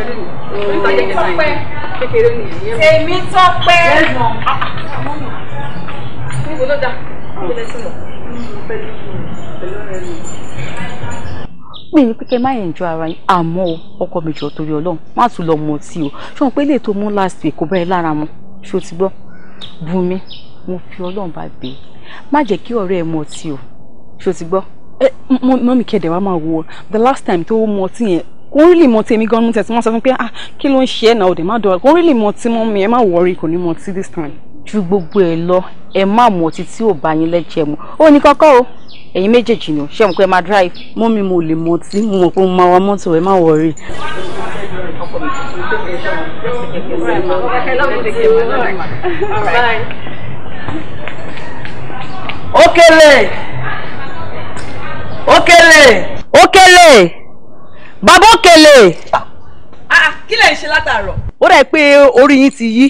èmi tọ́pẹ́ èmi tọ́pẹ́ níbo ló dá níbo lẹ́sìn lọ. mi ní pé kẹ́ má yẹn jọ ara yín àmọ́ ọkọ mi jọ torí ọlọ́run má tún lọ mọ tí o ṣọ́n pé lè tó mú last week kò bẹ́ẹ̀ lára mu ṣó ti gbọ́ Bùnmi mo fi ọlọ́run bá gbé e má jẹ́ kí ọ̀rẹ́ ẹ mọ tí o ṣó ti gbọ́ mọ́mí kẹ́dẹ̀ wá máa wo the last time tó mọ tí yẹn kò ń rí lè mọ tèmi gan-an tẹ̀sí wọn sọ fún pé ah kí ló ń ṣe ẹ̀ náà ò má dọ̀rọ̀ kò rí lè mọ tí mọ́ mi ẹ má wọrí kò ní mọ tí this time. ju gbogbo ẹ lọ ẹ má mọ ọtí tí ò bá yín lẹ́jẹ̀ mu ó ní kọ́kọ́ o ẹ̀yin méjèèjì ni ò ṣe mọ̀ pé máa drive. mọ́ mi mo lè mọ tí mo mọ̀ máa wa mọ́tò ẹ má wọrí. Okele! Okele! Okele! bàbá òkèlè. Ah, ah, kí lè ṣe látàárọ̀. ó rẹ̀ pé orí yín ti yí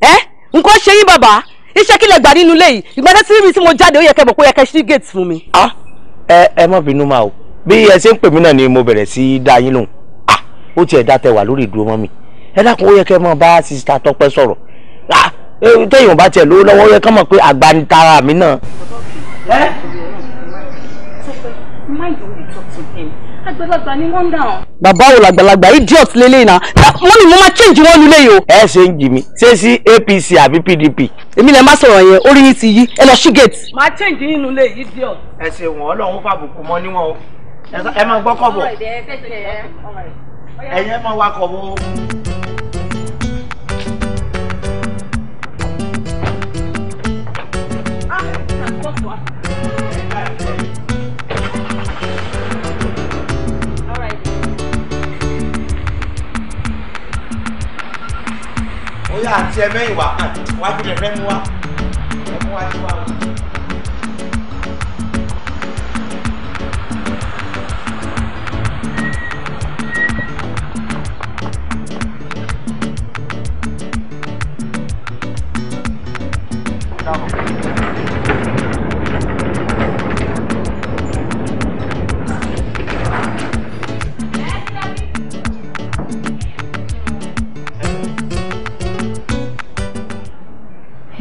ẹ́ nǹkan ṣe yín bàbá iṣẹ́ kí lè gbà nínú ilé yìí ìgbà tí mi tí mo jáde ó yẹ kẹ́ mọ̀ pé ó yẹ kẹ́ ṣí gate fún mi. Ah, ẹ ẹ má bínú máa o bí ẹ ṣe ń pè mí náà ni mo bẹ̀rẹ̀ sí í dá yín lóhùn ó tiẹ̀ dá tẹwà lórí ìdúró mọ́ mi ẹ dákun ó yẹ kẹ́ mọ bá sista Tọ́pẹ́ sọ̀rọ̀ téèyàn bá tiẹ̀ lówó lọ́wọ́ ó yẹ kọ́ mọ̀ pé àgbanitara mi náà. ẹ. Tọ́pẹ́ mind you dey àgbàlagbà ni wọ́n ń dà ọ́. bàbá wo làgbàlagbà idiot lélẹ́yìn náà wọ́n ní mo máa change wọn lulẹ̀ yìí o. ẹ ṣe ń jì mí ṣé sí APC àbí PDP. èmi lè má sọ̀rọ̀ yẹn orí yín ti yí ẹ lọ sí gate. máa change yín lulẹ̀ yìí idiot. ẹ ṣe wọn Ọlọ́run fàbùkù mọ níwọn o ẹ máa gbọ́ kọ̀bọ̀ ẹ̀yin máa wa kọ̀bọ̀. Ah, àti ẹ̀mẹ́yìn wà wá kí fẹ́ mú wa ẹ̀mú wa ti wá o.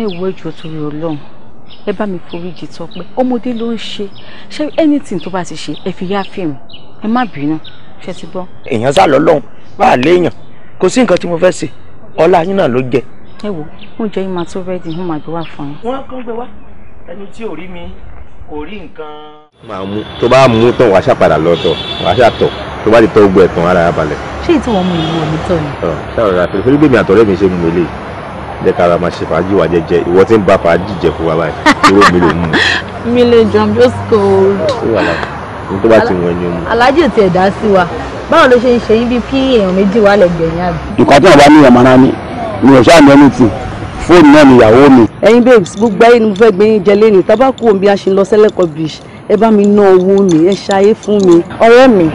ẹ wo ẹjọ torí Ọlọ́run ẹ bá mi foríjì Tọ́pẹ́ ọmọdé ló ń ṣe ṣe anything tó bá ti ṣe ẹ fi yá fíìmù ẹ má bínú ṣe ti gbọ́. èèyàn sá lọ́lọ́run bá a léèyàn kò sí nǹkan tí mo fẹ́ ṣe ọlá yín náà ló jẹ. ẹ wo oúnjẹ yín máa tó rẹ́dì ń máa gbé wá fún yín. wọn kàn gbé wá ẹni tí ò rí mi kò rí nǹkan. máa mú tó bá mú tán wàá ṣàpadà lọ́tọ̀ wàá ṣàtọ̀ tó bá ti tọ́ gbogbo ẹ̀tàn ara balẹ̀. ṣé ìtọ́wọ́n jẹ́ ká ara máa ṣe fàájì wa jẹ́jẹ́ ìwọ tí ń ba fàájì jẹ́ fún wa báyìí kúrò mi ló mú mi lè jọ i'm just cold. ó wà lára ní tó bá ti wọ̀n ni o mú. alájì ò tiẹ̀ dá sí wa báwo ló ṣe ń ṣe yín bíi kí èèyàn méjì wà lẹ́gbẹ̀ẹ́ àbí. ìkọ́ tí wọ́n bá ní ìyàmọ̀ náà ni mi ò ṣáà mẹ́nu tì fóònù náà ni ìyàwó mi. ẹ̀yin babes gbogbo ayé ni mo fẹ́ gbé yín jẹ lẹ́nu tábàkù òun bí a ṣe ń lọ sẹ́lẹ̀kọ̀ beach ẹ bá mi ná owó mi ẹ ṣayé fún mi. ọ̀rẹ́ mi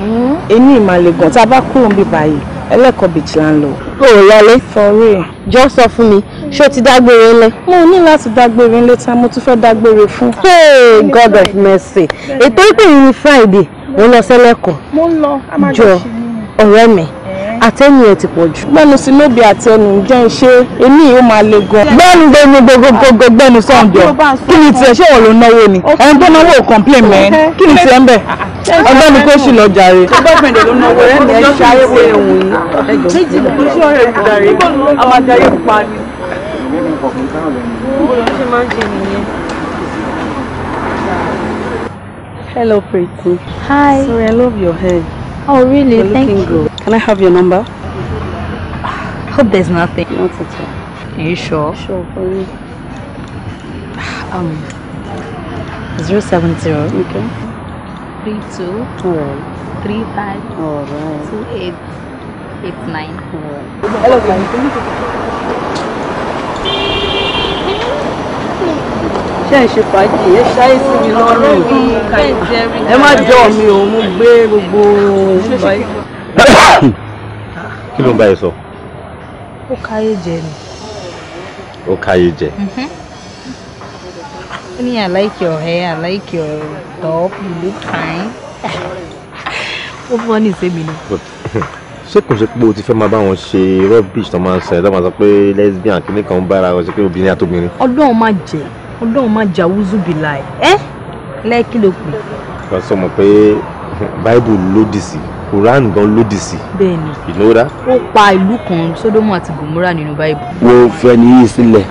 ẹni hmm? ìmàlẹ̀ gan tábàkù òun bí báyìí ẹlẹ́kọ̀ọ́ beach là ń lọ. o ò lọlé. for real jọ sọ fún mi ṣé ti dágbére lẹ. mo ní láti dágbére lé ta mo tún fẹ́ dágbére fún. hey god of mercy ètò ìpè yìí ni friday mo ń lọ sẹ́lẹ̀kọ̀ jọ ọ̀rẹ́ mi àtẹ́nu ẹ̀ ti pọ̀ jù. gbẹ́nu sí lóbi àti ẹnu jẹ́ iṣẹ́ èmi yóò máa le gan. gbẹ́nu gbẹ́nu gbogbogbò gbẹ́nu sọ̀njọ́ kí ni tiẹ̀ ṣé wọ́n ló náwó ni ẹni tó náwó ò complain mẹ́rin kí ni tiẹ̀ ń bẹ̀ ọgbẹ́ ni kò sì lọ jàre. gọ́ọ̀mẹ̀ntì ló náwó ẹ̀ ń ṣe àyẹ̀wò ẹ̀wọ̀n yìí. méjì ló ṣe ọ̀rẹ́ ìdarí àmàjáyé pa ni. Hello, Pretty. Hi. Sorry, I love your hair. Oh, really? You're Thank you. Good. Can I have your number? hope there's nothing. Not at all. Are you sure? Sure, for Um, 070. Okay. 32. All right. 35. All right. 28. It's nine. Hello, guys. ṣe ń ṣe fàájì ẹ ṣáyé sí mi lọ́rùn ẹ má jọ mi ò mú gbé gbogbo kí ló ń bá ẹ sọ. ó káyé jẹ ni. ó káyé jẹ. Mhm. ó ní I like your hair I like your top you look fine. ó fún ọ ní ìsẹ́mi ni. ṣé kò ṣe pé o ti fẹ́ máa bá wọn ṣe rubbish tó máa ń sẹ́yìn tó máa sọ pé lesbian kìnnìkan ń bára wọn ṣe pé obìnrin àtobìnrin. ọlọ́run má jẹ́ ọlọ́run má jà wúzú bìlà ẹ̀ ẹ́ lẹ́ẹ̀kí ló pè. wọ́n sọ mọ̀ pé báíbù lòdì sí quran gan lòdì sí. bẹ́ẹ̀ni ìnura. ó pa ìlú kan sódómù àti gòmórà nínú báíbù. wo fẹ́ ni yín sílẹ̀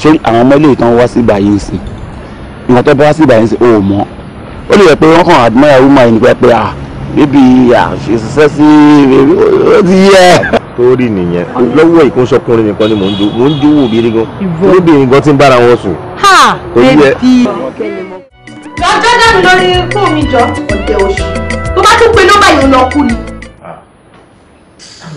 ṣé àwọn ọmọ ilé ìtàn wá sí ìbàyẹn sí ìwọ̀n tó bá wá sí ìbàyẹn sí òun mọ́ ó lè yẹ pé wọ́n kàn admire woman yìí nípa pé ah bébí àṣe ṣiṣẹ́ sí ó ti yẹ. torí nìyẹn lọ́wọ́ ìkúnṣọkùnrin nìkan ni mò ń jó mò ń jó wò bí rí gan lóbìnrin gan ti ń bára wọn sùn ha bébí. lọ́jọ́ dànù lórí fún mi jọ ọ̀tẹ̀ oṣù tó bá tún pe nọ́mbà yìí lọ kú ni.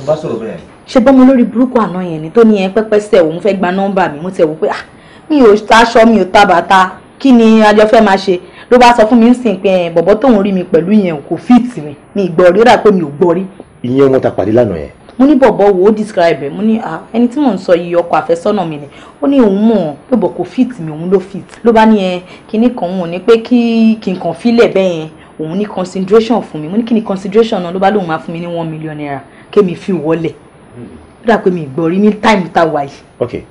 bá sọ̀rọ̀ bẹ́ẹ̀. ṣe bọ́mọ lórí burúkú àná yẹn ni tó ní ẹ pẹ́pẹ́ sẹ̀ òun fẹ́ gba nọ́mbà mi mo tẹ̀ wò pé ah, mi ò taṣọ mi ò ta bàtà kí ni a jọ fẹ́ máa ṣe ló bá sọ fún mi ń sìn pé bọ̀bọ̀ tóun rí mi pẹ̀lú yẹn kò fíìtì mi mi ìgbọ̀ rí rà pé mi ò gbọ́ rí. ìyẹn wọn ta pàdé lánàá yẹn mo ní bọ̀bọ̀ wò ó describe ẹ̀ mo ní ah ẹni tí mò ń sọ yìí ọkọ àfẹ́sọ́nà mi ni ó ní òun mọ̀ pé kò fit mi òun ló fit ló bá ní ẹ kinní kan òun ní pé kí kí n kàn fílẹ̀ bẹ́ẹ̀ yẹn òun ní consideration fún mi mo ní kí ni consideration náà ló bá lóun máa fún mi ní one million naira kémi fi wọlé ó dà pé mi ìgbọ́ rí ní time tá a wà yìí. ok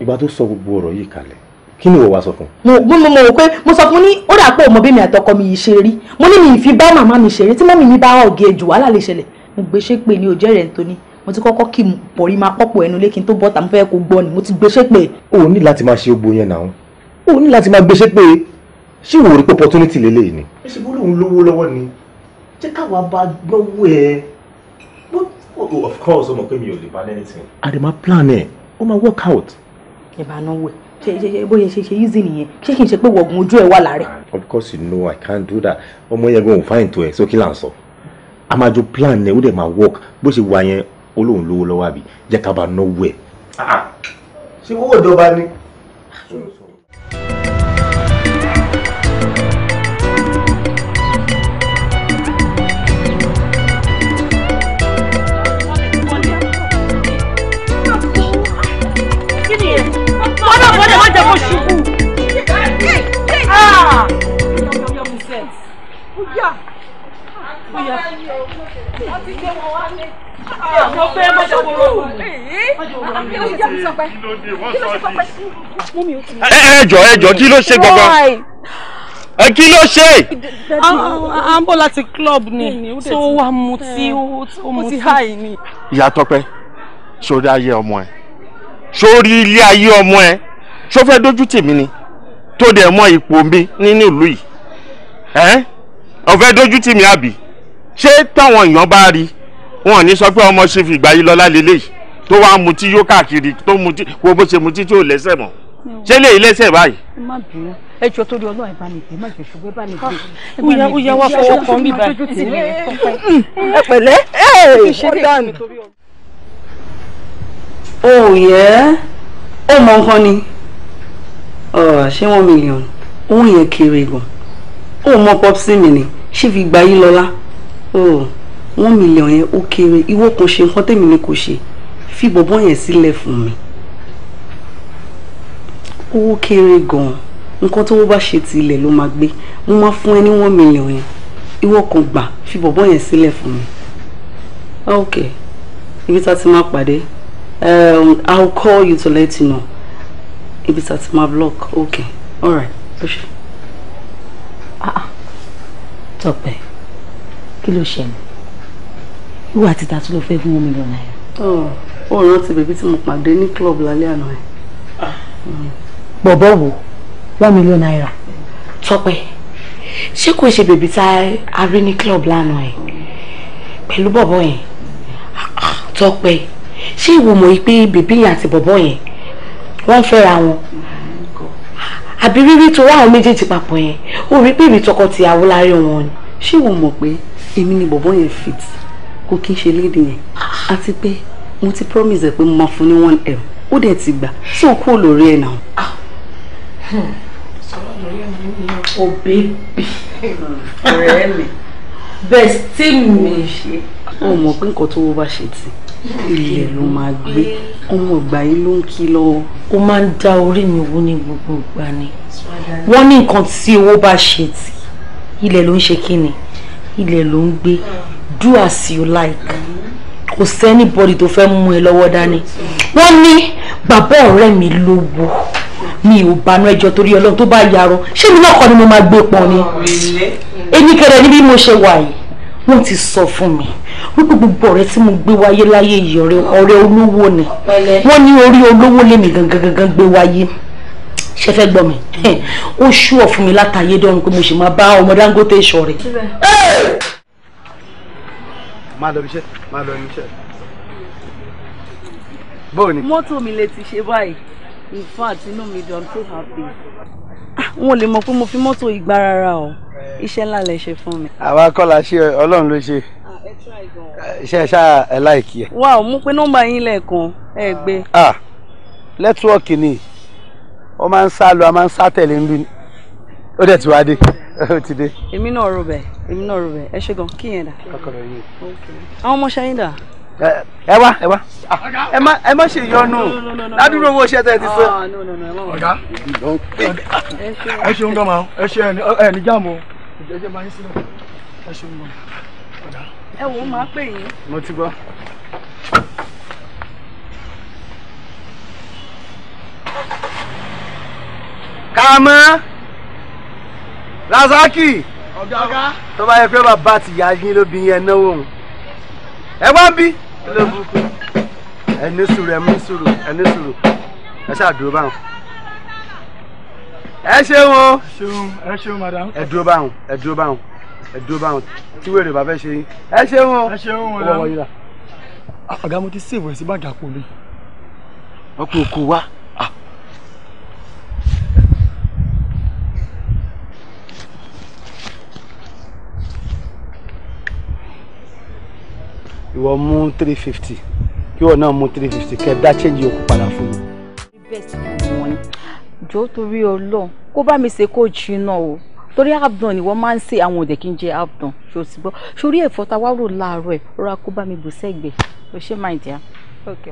ìgbà tó sọ gbogbo ọ̀rọ̀ yìí kalẹ̀ kí ni ìwọ wá sọ fún. mo mo mo rò pé mo sọ fún ní ó dà pé ọmọ bí mi àtọkọ mi yìí ṣe rí mo ní mi ìfi bá màmá mi ṣe rí tí mọ́mí mi bá ọ̀gẹ̀ jù wàhálà lè ṣẹlẹ̀ mo gbé ṣépè ní òjẹ́ rẹ̀ nítorí mo ti kọ́kọ́ kí pọ̀rí máa pọ̀pọ̀ ẹnu lé kí n tó bọ́ta mo fẹ́ kó gbọ́ ni mo ti gbé ṣépè. o ní láti máa ṣe ogbó yẹn náà o ní láti máa gbé ṣépè ṣé ìwò pé opportunity lélẹ̀ ni. ẹ ṣe bọ́lá òun lówó lọ́wọ́ ni jẹ́ káwa bá gbọ́wọ́ ẹ. of course o pé mi ò lè bá anything. àdèmá plan ẹ ó máa work out. ìbánáwó ẹ bóyá ṣe ṣe easy nìyẹn ṣé kì í ṣe pé wọ̀gùn ojú ẹ̀ wà láàrẹ̀. of course you know i can't do that ọmọ yẹn gan ò fáìn tó ẹ sókè là ń sọ a máa jọ plan ẹ̀ ó dẹ̀ máa work bó ṣe wà yẹn ó lóun lówó lọ́wọ́ àbí jẹ́ ká bá náwó ẹ̀. ṣé owó ìjọba ni. Yeah bóyá. Àwọn ọgbẹ́ mọ́jọ wo rò wọ́n. Ẹ jọ ẹ jọ kí ló ṣe gangan? Ẹ kí ló ṣe? À ń bọ̀ láti club ni, tó wà mutí, ó mutí háì ni. Ìyá Tọ́pẹ́, sórí ayé ọmọ ẹ̀, sórí ilé ayé ọmọ ẹ̀, ṣó fẹ́ dójú tèmi ni, tó dẹ̀ mọ ipò mi nínú ìlú yìí. Ẹ ọ̀fẹ́ dójú tì mí àbí? ṣé táwọn èèyàn bá rí wọn ò ní sọ pé ọmọ ṣe fìgbà yìí lọ́lá lélẹ́yìí tó wàá mutí yó káàkiri tó mutí wo bó ṣe mutí tí ò lẹ́sẹ̀ mọ́ ṣé lè lẹ́sẹ̀ báyìí. ẹ jọ torí Ọlọ́run bá mi bẹ má jọ ṣùgbọ́n bá mi bẹ. uya uya wa fọwọ́ kan mi báyìí. ẹ pẹ̀lẹ́ ẹ ọ dànù. o yẹ ó mọ nǹkan ni ṣé one million òun yẹn kéré gan ó mọ pọpsi mi ni ṣé fi gba yín lọ́lá. Oh, one million yẹn ó kéré ìwọ kan ṣe nǹkan tèmi ni kò ṣe fi bọ̀bọ̀ yẹn sílẹ̀ fún mi owó kéré gan-an nǹkan tó bá ṣe ti ilẹ̀ ló máa gbé mo máa fún ẹ ní one million yẹn ìwọ kan gbà fi bọ̀bọ̀ yẹn sílẹ̀ fún mi ok ibi tá a ti máa pàdé um, I'll call you to let you know ibi tá a ti máa block ok alright ó ṣe. ah, ah. Tọ́pẹ́ kí ló ṣẹlẹ̀ ìwà títa tó lọ fẹ́ fún omi lọ́nà ẹ̀. Oh, ó rántí bèbí tí mo pàdé ní club lálẹ́ àná ẹ̀. Ah. bọ̀bọ̀ wo one million naira tọ́pẹ́ ṣé kò ṣe bèbí tá a rí ní club lánàá ẹ̀ pẹ̀lú bọ̀bọ̀ yẹn ah, tọ́pẹ́ ṣé ìwọ mọ̀ pé bèbí yẹn àti bọ̀bọ̀ yẹn wọ́n fẹ́ra wọn àbí rírí torí àwọn méjèèjì papọ̀ yẹn ó rí pé ìrìtọkọ tìyàwó láàrin wọn ni ṣé ìwọ mọ̀ pé èmi ni bọ̀bọ̀ yẹn fit kò kí n ṣe léde yẹn àti pé mo ti promise ẹ pé mo máa fún ní one m ó dẹ̀ ti gbà sí òkú olórí ẹ̀ náà. Ah. Hmm. sọ̀rọ̀ lórí ẹ̀ mi ni òbí bí ọ̀rẹ́ mi bẹ́sítì mi ṣe. ó mọ̀ pé nǹkan tó bá ṣe tì ilẹ̀ ló máa gbé ọmọ ìgbà yìí ló ń kí lọ́wọ́. ó máa ń dá orí mi wú ní gbogbo ìgbà ni wọ́n ní nǹkan tí owó bá ṣe tì ilẹ̀ ló ń ṣe kí ni ilẹ̀ ló ń gbé do as you like kò sẹ́nibọ́dì tó fẹ́ mú ẹ lọ́wọ́ dání wọ́n ní bàbá ọ̀rẹ́ mi lówó mi ò banú ẹjọ́ torí ọlọ́run tó bá yarọ ṣé mi náà kọ́ ni mo máa gbé pọn ni èmi kẹrẹ níbi mo ṣe wà yìí wọ́n ti sọ fún mi wípé gbogbo ọ̀rẹ́ tí mo gbé wáyé láyé yìí ọ̀rẹ́ olówó ni wọ́n ní orí olówó lèmi gangan gangan gbé wáyé ṣe fẹ́ gbọ́ mi ó ṣú ọ̀ fún mi látàyé dọ́run pé mo ṣe máa bá ọmọ Dangote sọ rẹ̀. máa lọ ibiṣẹ́ máa lọ ibiṣẹ́ bóò ni. mọ́tò mi lè ti ṣe báyìí in fact inú mi dùn so happy. wọn ah, lè mọ̀ pé mo fi mọ́tò ìgbà rárá o iṣẹ́ ńlá lè ṣe fún mi. àwa kọ́ la ṣe ọlọ́run ló ṣe ah, iṣẹ́ ṣá ẹ láìkí ẹ. wà á mú pé nọ́mbà yín lẹ́ẹ̀kan ẹ ah nẹ́tíwọ́ọ̀kì ni. Ah, o máa ń sá lọ a máa ń sá tẹ̀lé ń bí ni ó dẹ̀ ti wá dé ó ti dé. èmi náà rò bẹ́ẹ̀ èmi náà rò bẹ́ẹ̀ ẹ ṣe gan kí yẹn dà. kọkọrọ yìí. àwọn ọmọ ṣẹyìn dà. ẹ wá ẹ wá ẹ má ẹ má ṣe yọnu ládùúgbò owó iṣẹ́ tẹ ah, ẹ ti sọ. ọ̀gá ẹ ṣeun gan ma ẹ ṣe ẹ ní jáàmù ẹ ṣe máa ń sílẹ̀ ẹ ṣeun gan. ẹ wò ó máa pè yín. mo ti gbọ́. àmọ́ Razaki tó bá yẹ pé bàbá ti yá yín lóbi yẹn náwó òun ẹ wá ń bí ló burúkú ẹ ní sùúrù ẹ mú sùúrù ẹ ní sùúrù ẹ ṣàdúró báwọn ẹ ṣeun o ẹ ṣeun madam ẹ dúró báwọn ẹ dúró báwọn ẹ dúró báwọn tí wèrè bá fẹ́ ṣe yín ẹ ṣeun o ẹ ṣeun o wọ́n wọ́n yíra. ọ̀gá mo ti ṣèwọ̀ ẹ̀ sí bàdàkùn mi. ọkùnrin kò wá. ìwọ mú three fifty kí ìwọ náà mú three fifty kẹ dá change yòókù padà fún mi. best fún wọn ni jọ torí Ọlọ́run kó bá mi ṣe kó jìnnà o torí abdon ni wọ́n máa ń ṣe àwọn òde kí n jẹ abdon ṣó ti gbọ́ sórí ẹ̀fọ́ ta wá rò láàárọ̀ ẹ̀ rọra kó bá mi bù sẹ́gbẹ̀ ló ṣe máa dìá. ok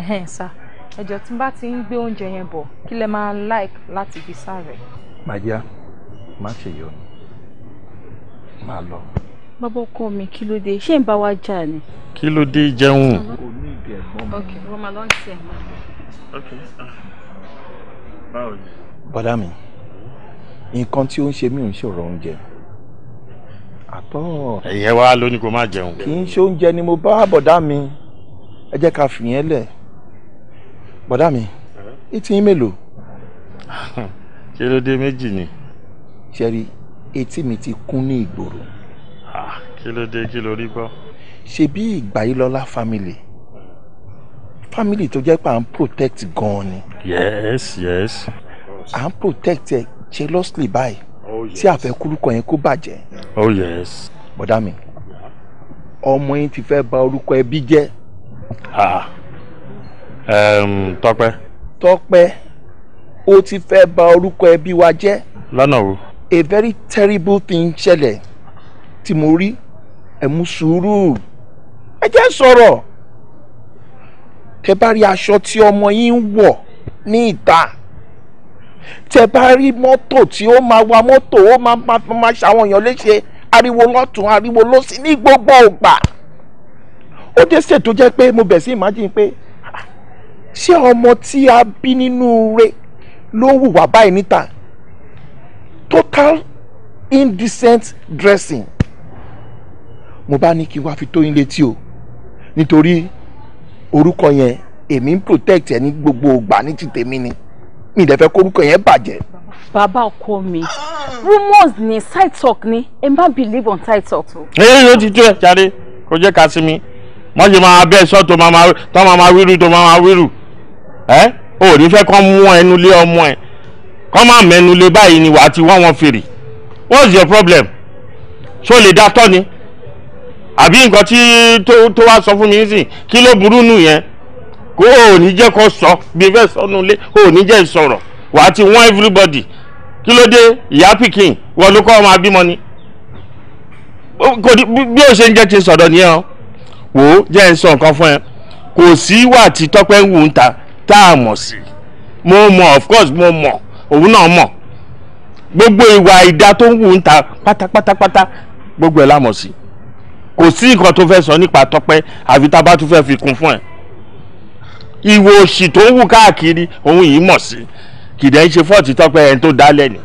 ẹhẹn sá ẹjọ tí n bá ti ń gbé oúnjẹ yẹn bọ̀ kí lẹ máa like láti fi sáré. màá yá má ṣe yọnu máa lọ bàbá ọkọ mi kí ló dé ṣé ń bá wa jà ni. kí ló dé jẹun. ok wọ́n máa lọ sí ok ah. báwo ni. bọ́dà mi nǹkan tí ó ń ṣe mí ò ń ṣòro oúnjẹ àtọ́. ẹ̀yẹ́ wa ló ní kó má jẹun. kì í ṣe oúnjẹ ni mo bá bọ̀dá mi ẹ jẹ́ ká fìyẹn lẹ̀ bọ̀dá mi eh? etí yín mélòó. ṣé ló dé méjì ni. ṣe rí etí mi ti kún ní ìgboro kí ló dé kí ló gbọ́. ṣe bí ìgbàyílọ́lá family family tó jẹ́ pé à ń protect gan-an ni. yes yes. à ń protect ẹ jealously báyìí oh, tí àfẹ́kúrúkọ yẹn kó bàjẹ́. oh yes. bọ́dá mi ọmọ yín ti fẹ́ bà orúkọ ẹbí jẹ́. ah um, tọ́pẹ́. tọ́pẹ́ ó ti fẹ́ bà orúkọ ẹbí wa jẹ́. lọ́nà wo. a very terrible thing ṣẹlẹ̀ tí mo rí ẹ mú sùúrù ẹ jẹ́ sọ̀rọ̀ tẹ bá rí aṣọ tí ọmọ yín ń wọ̀ ní ìta tẹ bá rí mọ́tò tí ó máa wa mọ́tò ó máa máa ṣàwọn èèyàn léṣe ariwo lọ́tún ariwo lọ́sí ní gbogbo ọgbà ó dé ṣe tó jẹ́ pé mo bẹ̀ sí imagine pé ah, ṣé ọmọ tí a bí nínú re ló ń hùwà báyìí níta total indecent dressing mo bá ní kí n wá fi tó létí o nítorí orúkọ yẹn èmi ń protect ẹ ní gbogbo ìgbà ní ti tèmi ni mi ìdẹ́fẹ́ kórúkọ yẹn bàjẹ́. bàbá ọkọ mi rumors ni side talk ni ẹ má believe on side talk. èyí ló ti tó ẹ jáde kó jẹ́ ká sí mi wọ́n ṣe máa bẹ́ẹ̀ sọ tó máa máa wíru tó máa máa wíru ẹ́ o ò ní fẹ́ kọ́ mú ẹnu lé ọmọ ẹ kọ́ máa mẹ́nu lé báyìí ni wàá ti wọ́n wọn fèrè what's your problem ṣó lè dá tọ́ ni àbí nǹkan tí tó wá sọ fún mi nísìn kí ló burú nù yẹn kó o ní jẹ́ kó sọ bí ẹ fẹ́ sọnù lé o ní jẹ́ ìsọ̀rọ̀ wàá ti wọ́n everybody kí ló dé ìyá pikin wọ́n ló kọ́ ọmọ abímọ ni kò ní bí o ṣe ń jẹ́ kí n sọ̀dọ̀ nìyẹn o wò ó jẹ́ ń sọ nǹkan fún ẹ kò sí wà tí tọ́pẹ́ ń wù ń ta tá a mọ̀ sí mo mọ̀ of course mo mọ̀ òun náà mọ̀ gbogbo ìwà ìdá tó ń wù ń ta pátápátápátá gbogbo ẹ̀ la mọ̀ sí kò sí nǹkan tó fẹ́ sọ nípa tọ́pẹ́ àfi tá a bá tún fẹ́ fi kún fún ẹ̀ ìwò òṣì tó wù káàkiri òun yìí mọ̀ sí kìdẹ́ ń ṣe fọ́ọ̀tì tọ́pẹ́ ẹni tó dálẹ̀ ni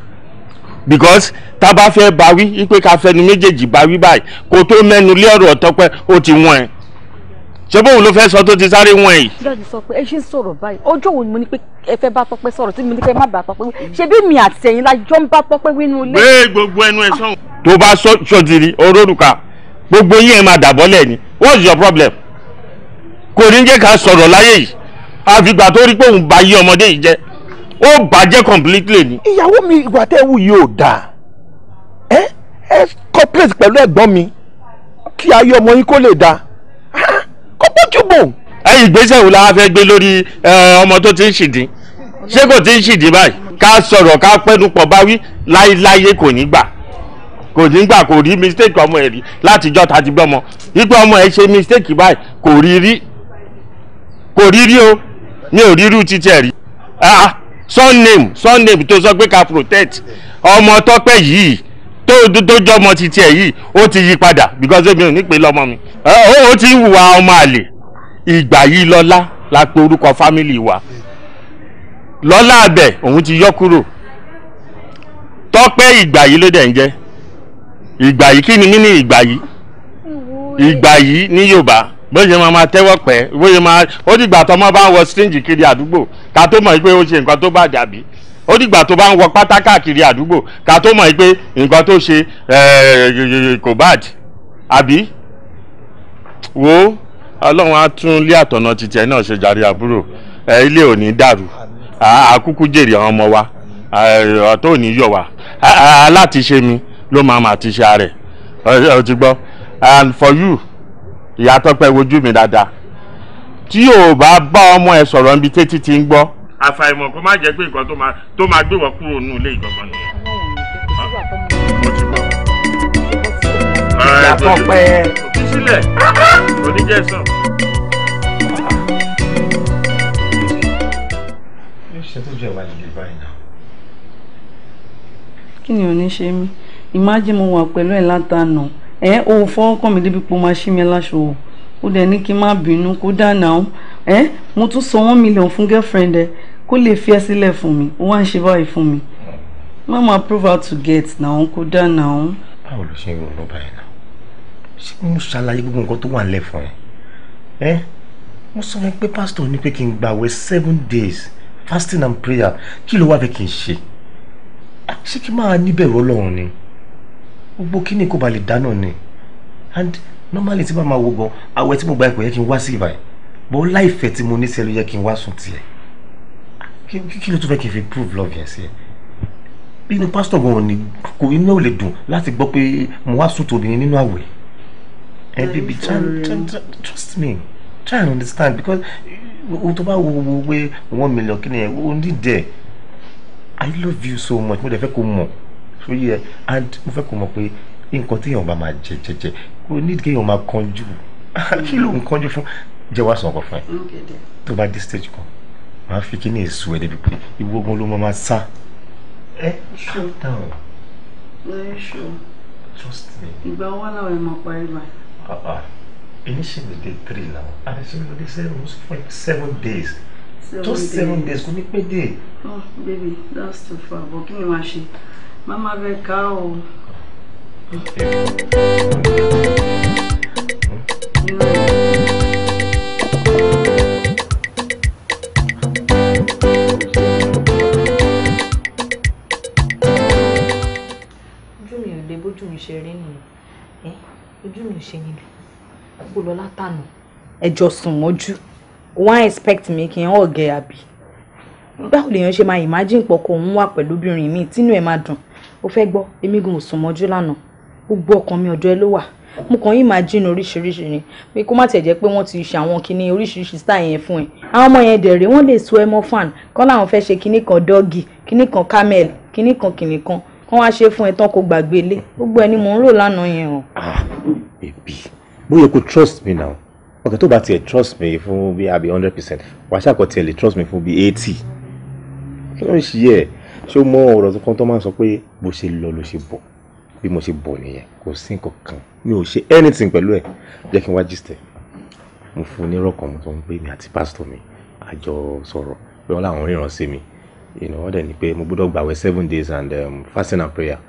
because tá a bá fẹ́ bá wí wípé ká fẹnu méjèèjì bá wí báyìí kó tó mẹ́nu lé ọ̀rọ̀ tọ́pẹ́ ó ti wọ́n ẹ̀ ṣé bóun ló fẹ́ sọ tó ti sáré wọ̀n yìí. dájú sọ pé ẹ ṣe ń sọ̀rọ̀ báyìí ọjọ́ wo ni mo ní pé ẹ fẹ́ bá Tọ́pẹ́ sọ̀rọ̀ tí mo ní pé má bá Tọ́pẹ́ wí ṣé bí mi àti ẹ̀yin la ń bá Tọ́pẹ́ wí ilé. gbé gbogbo ẹnu ẹ sọ̀hún. tó bá sọ ṣòtìrí orórùka gbogbo yín ẹ máa dàbọ́lẹ̀ ni what's your problem kò ní jẹ́ ká sọ̀rọ̀ láyé yìí àfìgbà tó rí pé òun bá yí ọmọdé yìí jẹ́ ó bàjẹ́ completely ni. ìyàwó mi ìgbà tẹ́ wù yìí ò dáa ẹ ẹ cooperate pẹ̀lú ẹ̀gbọ́n mi kí ayé ọmọ yín kó lè dáa kó bójú bò. ẹ̀yin ìgbésẹ̀ wo la fẹ́ gbé lórí ọmọ tó ti ń ṣìdín ṣé kò ti ń ṣìdín báyìí ká sọ̀rọ̀ ká pẹ́nu pọ̀ báwí láéláé kò ní gbà kò ní gbà kò rí mistake ọmọ ẹ̀ rí látijọ́ ta ti gbọ́mọ wípé ọmọ ẹ̀ ṣe mistake báyìí kò rí rí kò rí rí o mi ò rí títí ẹ̀ rí ah, ah surname surname tó sọ pé ká protect ọmọ tọ́pẹ́ yìí tó tó jọmọ títí ẹ̀ yìí ó ti yí padà because èmi ò ní pè lọ́mọ mi eh, ó ti ń wùwà ọmọ àlè ìgbà yìí lọ́lá la pe orúkọ fámìlì wa lọ́lá àbẹ̀ òun ti yọ kúrò tọ́pẹ́ ìgbà yìí ló dẹ̀ ń jẹ́ ìgbà yìí kí ni mí ní ìgbà yìí ìgbà yìí ní yorùbá bó ṣe máa máa tẹ́wọ́ pẹ́ bó ṣe máa ó dìgbà tó máa bá ń wọ stíǹgì kiri àdúgbò ká tó mọ̀ pé ó ṣe nǹkan tó bá dàbí ó dìgbà tó bá ń wọ pátá káàkiri àdúgbò ká tó mọ̀ pé nǹkan tó ṣe kò bad àbí wo ọlọ́run á tún ilé àtọ̀nà títí ẹ̀ náà ṣe jàre àbúrò ilé ò dàrú àkúkú jèrè àwọn ọmọ wa ọ̀tọ̀ ò ní yọ̀ aláti ṣe mi ló máa mà ti ṣe rẹ̀ ẹ ti gbọ́ and for you ìyá tọ́pẹ́ wojú mi dáadáa tí o bá bá ọmọ ẹ sọ̀rọ̀ níbi tẹ́tí ti ń gbọ́. àfàìmọ̀ kó má jẹ́ pé nǹkan tó máa gbé wọ́n kúrò nínú ilé ìgbọ̀ngàn nìyẹn. ìyá tọ́pẹ́. òfin sílẹ̀ oníjẹ̀sán. ṣe tó jẹ́ wà nílé báyìí náà. kí ni ò ní ṣe mí imagine mo wà pẹ̀lú ẹ̀ látànà ẹ ò fọwọ́ kàn mí débi pé o máa ṣí mi láṣọ o ó dẹ̀ ní kí n má bínú kó dáná o ẹ mo tún sọ one million fún girlfriend ẹ kó lè fi ẹ sílẹ̀ fún mi ó wá ń ṣe báyìí fún mi má máa prove how to get náà kó dáná o. báwo ló ṣe ń rò lọ́ba yẹn náà ṣé mo ṣàlàyé gbogbo nǹkan tó wà ń lẹ̀ fún ẹ ẹ mo sọ fún ẹ pé pásítọ̀ ní pé kí n gbàwẹ̀ seven days fasting and prayer kí ló wá fẹ́ kí n ṣe ṣé kí n máa níbẹ̀rù ọlọ́run ni gbogbo kíni kò bá lè dáná ni and normally tí bá máa wo gan àwẹ̀ tí mo gba ipò yẹ kí n wá sí ìbàyẹn bó láìfẹ́ tí mo ní sí ẹ ló yẹ kí n wá sùn tiẹ̀ kí ló tún fẹ́ kí n fi prove love yẹn sí ẹ bí inú pásítọ̀ gan ni kò inú ò lè dùn láti gbọ́ pé mo wá sùn tòbí nínú àwẹ̀ ẹ bíbí trust me try and understand because o tó bá wo wo pé one million kí ni ẹ o ní dẹ I love you so much mo dẹ̀ fẹ́ kó mọ̀ so yẹ and mo fẹ́ kó mọ̀ pé nǹkan téèyàn bá máa jẹ jẹjẹ kò ní kéèyàn máa kánjú kí ló ń kánjú fún jẹ wá sọ̀rọ̀ fún ẹ tó bá dé stage kan màá fi kí ní èso ẹ débi pé ìwọ ogun ló máa sá ẹ calm down. very sure. trust me. ìgbà wo làwọn ẹ̀ máa parí báyìí. Ah, ah. initially day three now and it's already seven like seven days seven just seven days kò ní pé dé. oh baby that's too far but kí ni wàá ṣe. Mama fẹ́ ká o. ojú mi ò lè bójú mi ṣe rí nìyẹn ojú mi ò ṣe níbi kó lọ látànà ẹjọ sùn mọ́jú one expect mi kí n ọ̀gẹ̀ àbí báwo lèèyàn ṣe máa imagine pọ̀ kó ń wà pẹ̀lú obìnrin mi tínú ẹ̀ máa dùn o fẹ́ gbọ́ èmi gan ò sùn mọ́jú gbogbo ọkàn mi ọ̀dọ̀ ẹ ló wà mo kàn imagine oríṣiríṣi ni pé kó má tẹ̀ jẹ́ pé wọ́n ti ṣe àwọn kinní oríṣiríṣi style yẹn fún ẹ. àwọn ọmọ yẹn dẹ̀rẹ̀ wọ́n lè so ẹmọ fan kọ́ làwọn fẹ́ ṣe kinní kan dọ́gì kinní kan camel kinní kan kinní kan kọ́ wá ṣe fún ẹ tán kó gbàgbé lé gbogbo ẹni mò ń rò lánàá yẹn o. Ah, baby bó yẹ trust me now ọkẹ tó bá tiẹ̀ trust me fún bí i àbí hundred percent wàá ṣàkọsílẹ̀ trust me fún bí i eighty kí ló ń ṣe yẹ ṣé o mọ ọ̀rọ̀ tó kàn tó máa ń sọ pé bó ṣe lọ ló ṣe bọ̀ bí mo ṣe bọ̀ nìyẹn kò sí nǹkan kan mi ò ṣe anything pẹ̀lú ẹ̀ jẹ́ kí n wá gist ẹ̀ mo fún un ní rọ́ọ̀kan mo tó ń pè mí àti pásítọ̀ mi àjọ sọ̀rọ̀ pé wọ́n láwọn ríran sí mi ìnáwó wọ́n dẹ̀ ni pé mo gbọ́dọ̀ gbàwẹ̀ seven days and um, fasting and prayer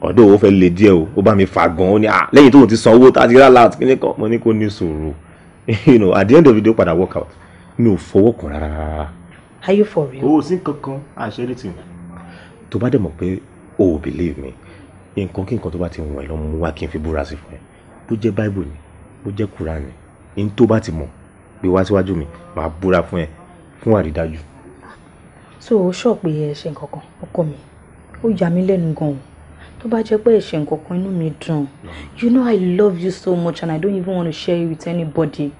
ọ̀dọ̀ owó fẹ́ le díẹ̀ o ó bá mi fà gan ó ní à lẹ́yìn tóun ti san owó tá a ti rà láti kíní kan mo ní kó ní sùúrù you know at the end of the day ó padà work out mi ò fọwọ́ kàn rárá Are you for real? o sí kankan I tì mí. tó bá dẹ̀ mọ̀ pé o ò believe me nǹkan kí nǹkan tó bá ti wọ̀n ẹ́ lọ́mú wá kí n fi búra sí fún ẹ bó jẹ́ bible ni bó jẹ́ quran ni n tó bá ti mọ̀ pé wá síwájú mi màá búra fún ẹ fún àrídájú. so o sọ pé ẹ ṣe nǹkan kan ọkọ mi ó yà mí lẹ́nu gan-an tó bá jẹ́ pé ẹ ṣe inú mi dùn you know i love you so much and i don't even want to share you with anybody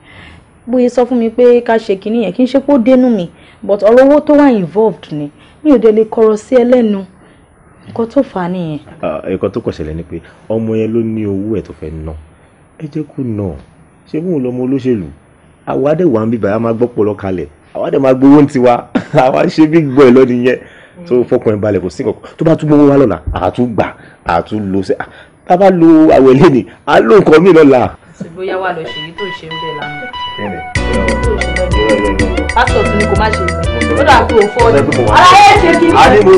bóyá sọ fún mi pé ká ṣe kinní yẹn kí n ṣe pé dénú mi but ọ̀rọ̀ owó tó wà involved ni mi ò dé lè kọ̀rọ̀ sí ẹ lẹ́nu nǹkan tó fà á nìyẹn. ẹ̀kọ́ tó kọ̀ ṣẹlẹ̀ ni pé ọmọ yẹn ló ní owó ẹ̀ tó fẹ́ ná ẹ jẹ́ kó ná ṣé bóun lọmọ olóṣèlú àwa dẹ̀ wà ń bíbá a máa gbọ́ pọ̀lọ́ kalẹ̀ àwa dẹ̀ máa gbowó tiwa àwa ṣe bí gbọ́ ẹ̀ lọ́ni tó fọkàn balẹ̀ kò sí kankan tó bá tún gbowó wa lọ́la àtúgbà àtúlọ́sẹ̀ tá lo àwẹ̀lẹ́ ni à á nǹkan mìíràn lọ́la sí bóyá wà lọ ṣèyí tó ṣe ń bẹ̀ lánàá. pásítọ̀ tún ni kò má ṣe ìgbà ó dà pé òfò ọdún aláyé ṣe kí ni.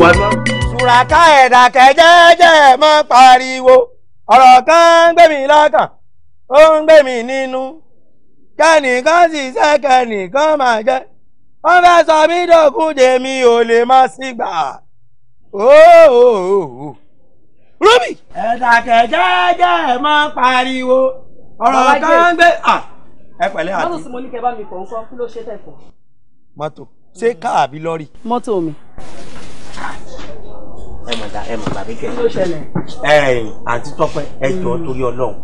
sùràká ẹ̀dà kẹ́jẹ́jẹ́ mọ́ pariwo ọ̀rọ̀ kan ń gbé mi lọ́kàn ó ń gbé mi nínú kẹ́nìkan sì ṣe kẹ́nìkan máa jẹ́ wọ́n fẹ́ sọ mí dòkúdè mi ò lè má sígbà ooo. rúbì. ẹ̀dà kẹ́jẹ́jẹ́ mọ́ pariwo ọ̀rọ̀ kan gbé ẹ pẹ̀lẹ́ àti. mọ́tò tí mo ní kẹ́ bá mi fọ̀ ń kọ́ kí ló ṣe tẹ̀ fọ̀. mọ́tò ṣé káà àbí lọ́rì. mọ́tò mi. ẹ mọ̀ dá ẹ mọ̀ bàbí kẹ́. kí ló ṣẹlẹ̀. ẹ̀yìn àti tọ́pẹ́ ẹ jọ hmm. torí ọlọ́run.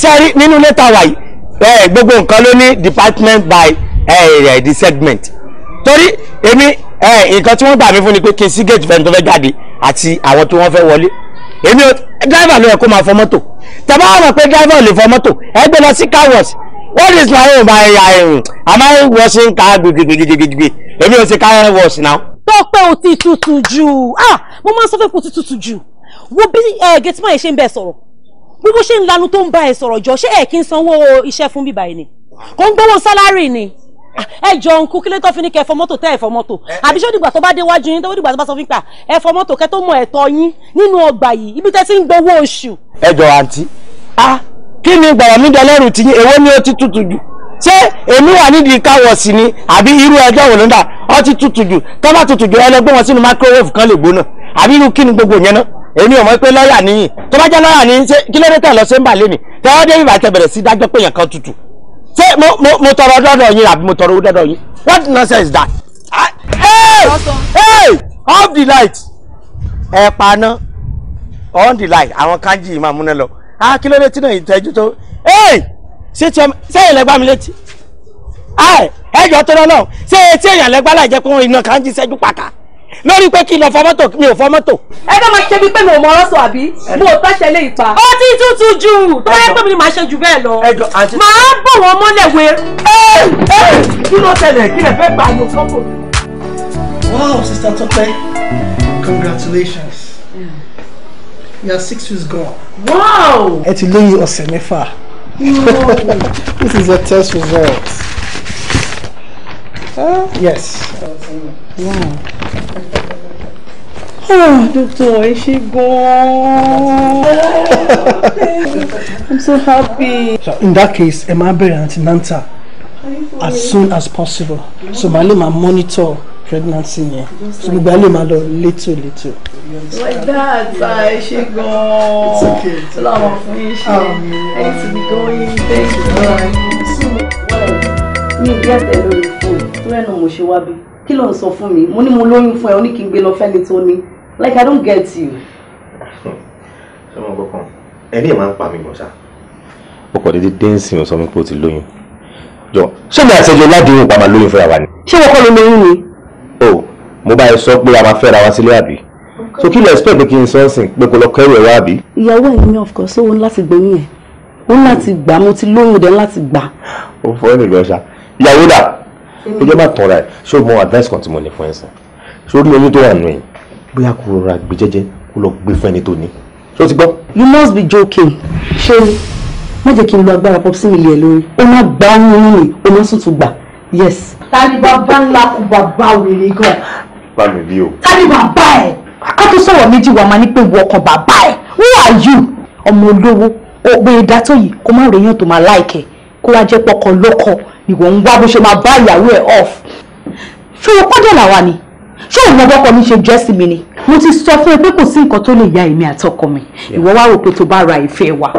sẹ́rí nínú lẹ́tà wa yìí gbogbo nǹkan ló ní department by area the segment torí èmi nǹkan tí wọ́n gbà mí fún ni pé kí n sí gate fẹ́ni tó fẹ́ jáde àti àwọn tí wọ́n fẹ́ wọlé èmi driver ló yẹ kó máa fọ mọ́tò tàbá àwọn pé driver lè fọ mọ́tò ẹ gbé lọ sí car wash what is my own by ẹ̀rùn um, am I washing car gidigidigidi èmi ò ṣe car wash now. tó pé o ti tutù jù ah mo máa ń sọ fẹ́ kó o ti tutù jù wo bí gẹ̀tìmọ̀ yẹn ṣe ń bẹ̀ sọ̀rọ̀ bí wọ́n ṣe ń lanu tó ń bá ẹ sọ̀rọ̀ jọ ṣé ẹ̀ kí n sanwó iṣẹ́ fún bíbá yìí ni kò ń gbowó sálárì ni. Ah, ẹ jọ nkú kí ló tọ́ fi ní kẹ ẹ̀fọ́ mọ́tò tẹ́ ẹ̀fọ́ mọ́tò eh, eh. àbí ṣé dìgbà tó bá déwájú yín tó dìgbà tó bá sọ fún pa ah, ẹ̀fọ́ mọ́tò kẹ́ tó mọ ẹ̀tọ́ yín nínú ọgbà yìí ibi tẹ́ ti ń gbowó oṣù. ẹ jọ àǹtí a ah, kí ni gbàrà mi dọlẹ́rù ti yín èwo ni ó ti tutù jù ṣé èmi wà nídìí káwọ̀ sí ni àbí irú ẹjọ́ wò ló ń dà ó ti tutù jù tó bá tutù jù ẹlẹgbẹ́ wọn sínú microwave kan lè gbóná àbí irú kí ni gbogbo yẹn náà èmi ò mọ̀ pé lọ́ọ̀yà nìyí tó bá jẹ́ lọ́ọ̀yà nìyí kí ló dé tẹ̀ lọ Say mo mo tọrọ dọ́dọ̀ yin àbí mo tọrọ dọ́dọ̀ yin. what nonsense is that. Ah, hey hey off the light ẹ paná on the light àwọn kanji yìí máa múná lọ ah kí ló dé tí náà ìtẹ́jú tó hey ṣé tí ọmọ ṣé èèyàn lẹ́gbàá mi létí ẹ jọ tó lọ́nà ṣé tí èèyàn lẹ́gbàá láì jẹ́ pé iná kanji ṣẹ́jú pàkà lórí pé kí n lọ fọ mọ́tò mi ò fọ mọ́tò. ẹ fẹ́ máa ṣe bíi pé mi ò mọ ọ̀rọ̀ àbí mo ò táṣẹ lé ipa. ó ti tútù jù tó yẹ pé mi ni màá ṣe jù bẹ́ẹ̀ lọ màá bò wọ́n mọ́lẹ̀ wé. kí ló tẹ̀lé kí lè fẹ́ bá àyò fọ́pọ̀. wow sista Tọ́pẹ́ congratulations hmm. you are six weeks gone. wow. ẹ ti lóyún ọ̀sẹ̀ mẹ́fà. this is a test result. Uh, yes. Uh, Wow! Oh, Doctor, is she gone? I'm so happy. So in that case, ẹ máa bẹ̀rẹ̀ antinanta as soon as possible. So my lè I monitor pregnancy yẹn. So gbogbo a little, máa lọ létò létò. My dad, ẹ ṣé gan-an. Ọlọ́run fún yín ṣe. I need to be going. Thank you. Mi ò bí ẹ̀tẹ̀ lórí fóònù, tó rẹ̀ náà mo ṣe wá bí kí ló ń sọ fún mi mo ní mo lóyún fún ẹ ó ní kí n gbé lọ fẹ́ni tó ní like i don't get you. ṣé wọn gbọ́ kan ẹni ẹ̀ máa ń pa mi gan ṣá. ó kọ̀ déédéé dẹ́ǹsì ò sọ mi pé o ti lóyún jọ ṣé mi àṣejọ ládùúgbò pa máa lóyún fúnra wa ni. ṣé wọn kọ́ ló lóyún ni. o mo bá yẹ sọ pé a máa fẹ́ra wa sílé àbí so kí lè expect pé kí n sọ́ọ̀sìn pé kò lọ kẹ́rù ẹ̀ wá àbí. ìyàwó ẹ̀yin of course ó ń láti gbóyún ẹ̀ ó ń láti gbà mo ti lóyún dẹ̀ ń láti gbà. ó fọ́ ẹ̀ nìgbọ̀nsá ìyàwó dà ó jẹ́ má tọ́ra ẹ̀ ṣé o mọ advice kan tí mo ní fún ẹ sìn ṣé o rí oyún tó wà nù yìí bóyá kó rọra gbé jẹ́jẹ́ kó lọ gbé fún ẹni tó ní ṣé o ti gbọ́. you must be joking ṣé má jẹ́ kí n lo agbára pop sí mi lé ẹ lórí ó má gbá oyún inú ó má sùn tún gbà yes. tani bàbá ńlá kú bàbá wèrè gan. bá mi bí o. tani bàbá ẹ ká tó sọ̀rọ̀ méjì wà máa ní pé wọ ọkàn bàbá ẹ who are you ọmọ olówó ògbé ìdá tó yìí kó má rèéyàn tó máa láìkẹ kó wá jẹ́ pọkàn lọ́kọ̀ọ́ ìwọ ń wá bó ṣe máa bá ìyàwó ẹ̀ off ṣé o pọ́jọ́ làwa ni ṣé òun ọgbọ́kọ mi ṣe jẹ́ sí mi ni mo ti sọ fún ẹ pé kò sí nǹkan tó lè ya èmi àtọkọ mi ìwọ wá rò pé tó bá ra ìfẹ́ wa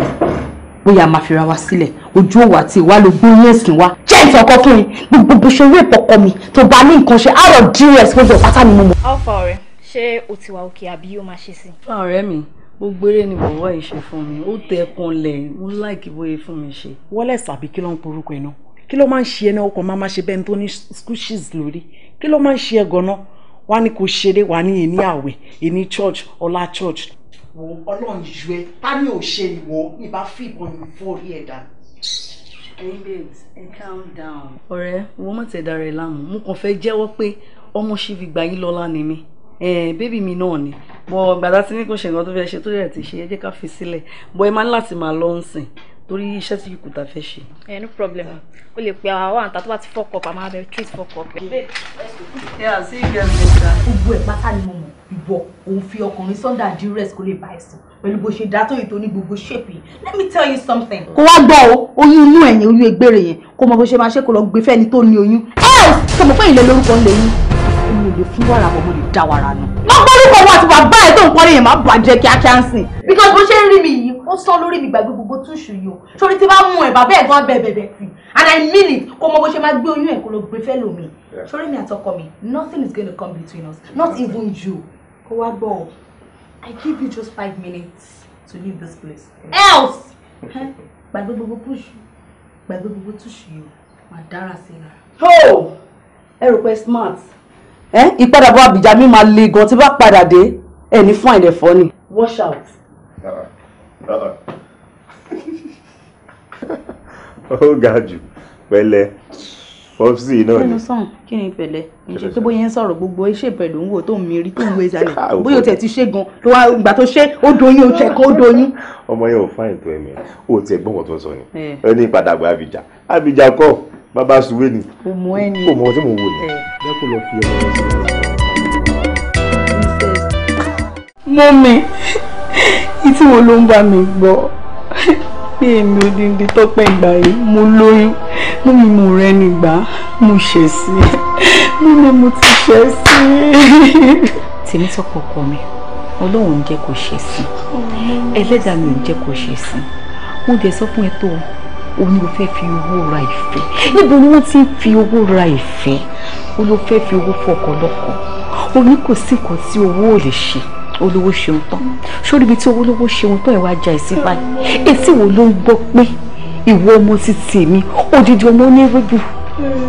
bóyá máa fira wa sílẹ̀ ojú òwò àti ìwà ló gbé yín ẹ̀sìn wa jẹ́ ìfẹ́ ọkọ fún mi gbogbo bó ṣe rí ìpọkọ mi tó bá ní nǹkan ṣe out of duress gbogbo pátá ni mo mọ̀. alfa ọ̀rẹ́ ṣé o ti wà òkè àbí yóò máa ṣe sí. ọ̀rẹ́ mi ó gbére ni bọ̀wọ́ yìí ṣe fún mi ó tẹ ẹkùn lẹ̀ ń láìkí bóyá fún mi ṣe. wọ́lẹ̀ sàbí kí ló ń porúkọ ẹ̀ náà kí ló máa ń ṣe ẹ náà ọkọ̀ máa máa ṣe bẹ́ẹ̀ tó ní squishes lórí kí ló máa ń ṣe ẹ gan wá ní kò ṣeré wà ní èní àwẹ̀ èní church ọlá church. wo ọlọ́run ju ẹ ta ni o ṣe ìwọ ìbá fìbọn ìfọ́rí ẹ̀dá. ẹyin babes ẹ calm down. ọ̀rẹ́ wọ́n mọ̀ tẹ̀dá rẹ̀ láàmú mo kàn fẹ́ jẹ́wọ́ pé ọmọ ṣì fi gbà yín lọ́lá ni mi bébì mi náà ni bọ̀ gbàdá tí ní kò ṣe nǹkan tó fẹ́ ṣe tó yẹ ti ṣe ẹ ká fi sílẹ̀ bọ̀ ẹ máa ń láti máa lọ ń sìn torí iṣẹ́ tí kò tá fẹ́ ṣe. ẹ no problem o lè pe àwọn àwọn àǹtà tó bá ti fọkọ pa máa bẹ̀rẹ̀ treat fọkọ pẹ. gbogbo ẹ̀ pátá ni mo mọ̀ ìbọ̀ òun fi ọkùnrin sunday adires kó lè bá ẹ sùn pẹ̀lú bó ṣe dátó ètò ní gbogbo ṣèpì let me tell you something. kó wá gbọ́ o oyún inú ẹ̀yìn oyún egbére yẹn kó mọ bó ṣe máa ṣe kó lọ gbé fẹ́ni tó ní oyún ẹ́ẹ̀ tó mọ̀ pé ìlẹ̀ lórúkọ ń yín lè fún wàrà bọ̀ mo lè dá wàrà nù. má gbórúkọ wọn àti bàbá ẹ tó ń kọrin yẹn má bàjẹ́ kíákíá ń sìn. because bó ṣe ń rí mi yìí ó sọ lórí mi gbàgbé gbogbo túṣu yìí o sórí tí bá mú ẹ bàbá ẹ gan bẹ̀bẹ̀bẹ̀ sí and i mean it kó mọ bó ṣe máa gbé oyún ẹ kó lọ gbé fẹ́ lómi. sórí mi àtọkọ mi nothing is going to come between us not even you. kó wá gbọ́ i give you just five minutes to leave this place else gbàgbé gbogbo túṣu gbàgbé gbogbo túṣu yìí o máa dára sí i. ẹ rò pé smart ìpadàbọ̀ àbíjà mi máa le gan tí bá padà dé ẹni fún àìlẹ̀fọ́ ni. wash out. ó ga jù pẹ̀lẹ́ popsi náà ni. kí ni sàn kí ni pẹ̀lẹ́ ǹjẹ́ pé bóyá ń sọ̀rọ̀ gbogbo iṣẹ́ pẹ̀lú ń wò tó ń miri tó ń wé ìsàlẹ̀ ah, bóyá o tẹ̀ ti ṣe gan tó wá ìgbà tó ṣe ó doyún o tẹ̀ kó doyún. ọmọ yẹn ò fáìn tó ẹ̀mí o tiẹ̀ gbọ́n wọ́n tó sọ ni eh. ó ní ìpadàbọ̀ àbíjà àbíjà kọ́ bàbá sùwé ni kò mọ ẹni kò mọ ọtí mò ń wò ni lẹ́kọ̀ọ́ lọ fi ọmọ rẹ sí. mọ mi ìtí wo ló ń bá mi gbọ́ pé èmi ò ní di tọ́pẹ́ ìgbà yìí mo lóyún mú mi mú rẹ nígbà mo ṣẹ̀ sí mú mi mo ti ṣẹ̀ sí. tèmi tọkọ ọkọ mi Ọlọ́run ń jẹ́ kó ṣẹ̀ sí ẹlẹ́dàá mi ń jẹ́ kó ṣẹ̀ sí mo dẹ̀ sọ fún ẹ tó o ó ní o fẹ́ fi owó ra ìfẹ́ níbo ni wọ́n ti ń fi owó ra ìfẹ́ ó ló fẹ́ fi owó fọkàn lọ́kàn ó ní kò sí nǹkan tí owó ò lè ṣe olówó ṣeun tán sórí ibi tí owó lówó ṣeun tán ìwà ajá ìsín báyìí etí wo ló ń gbọ́ pé ìwọ ọmọ ti tèmi odidi ọmọ onírúurú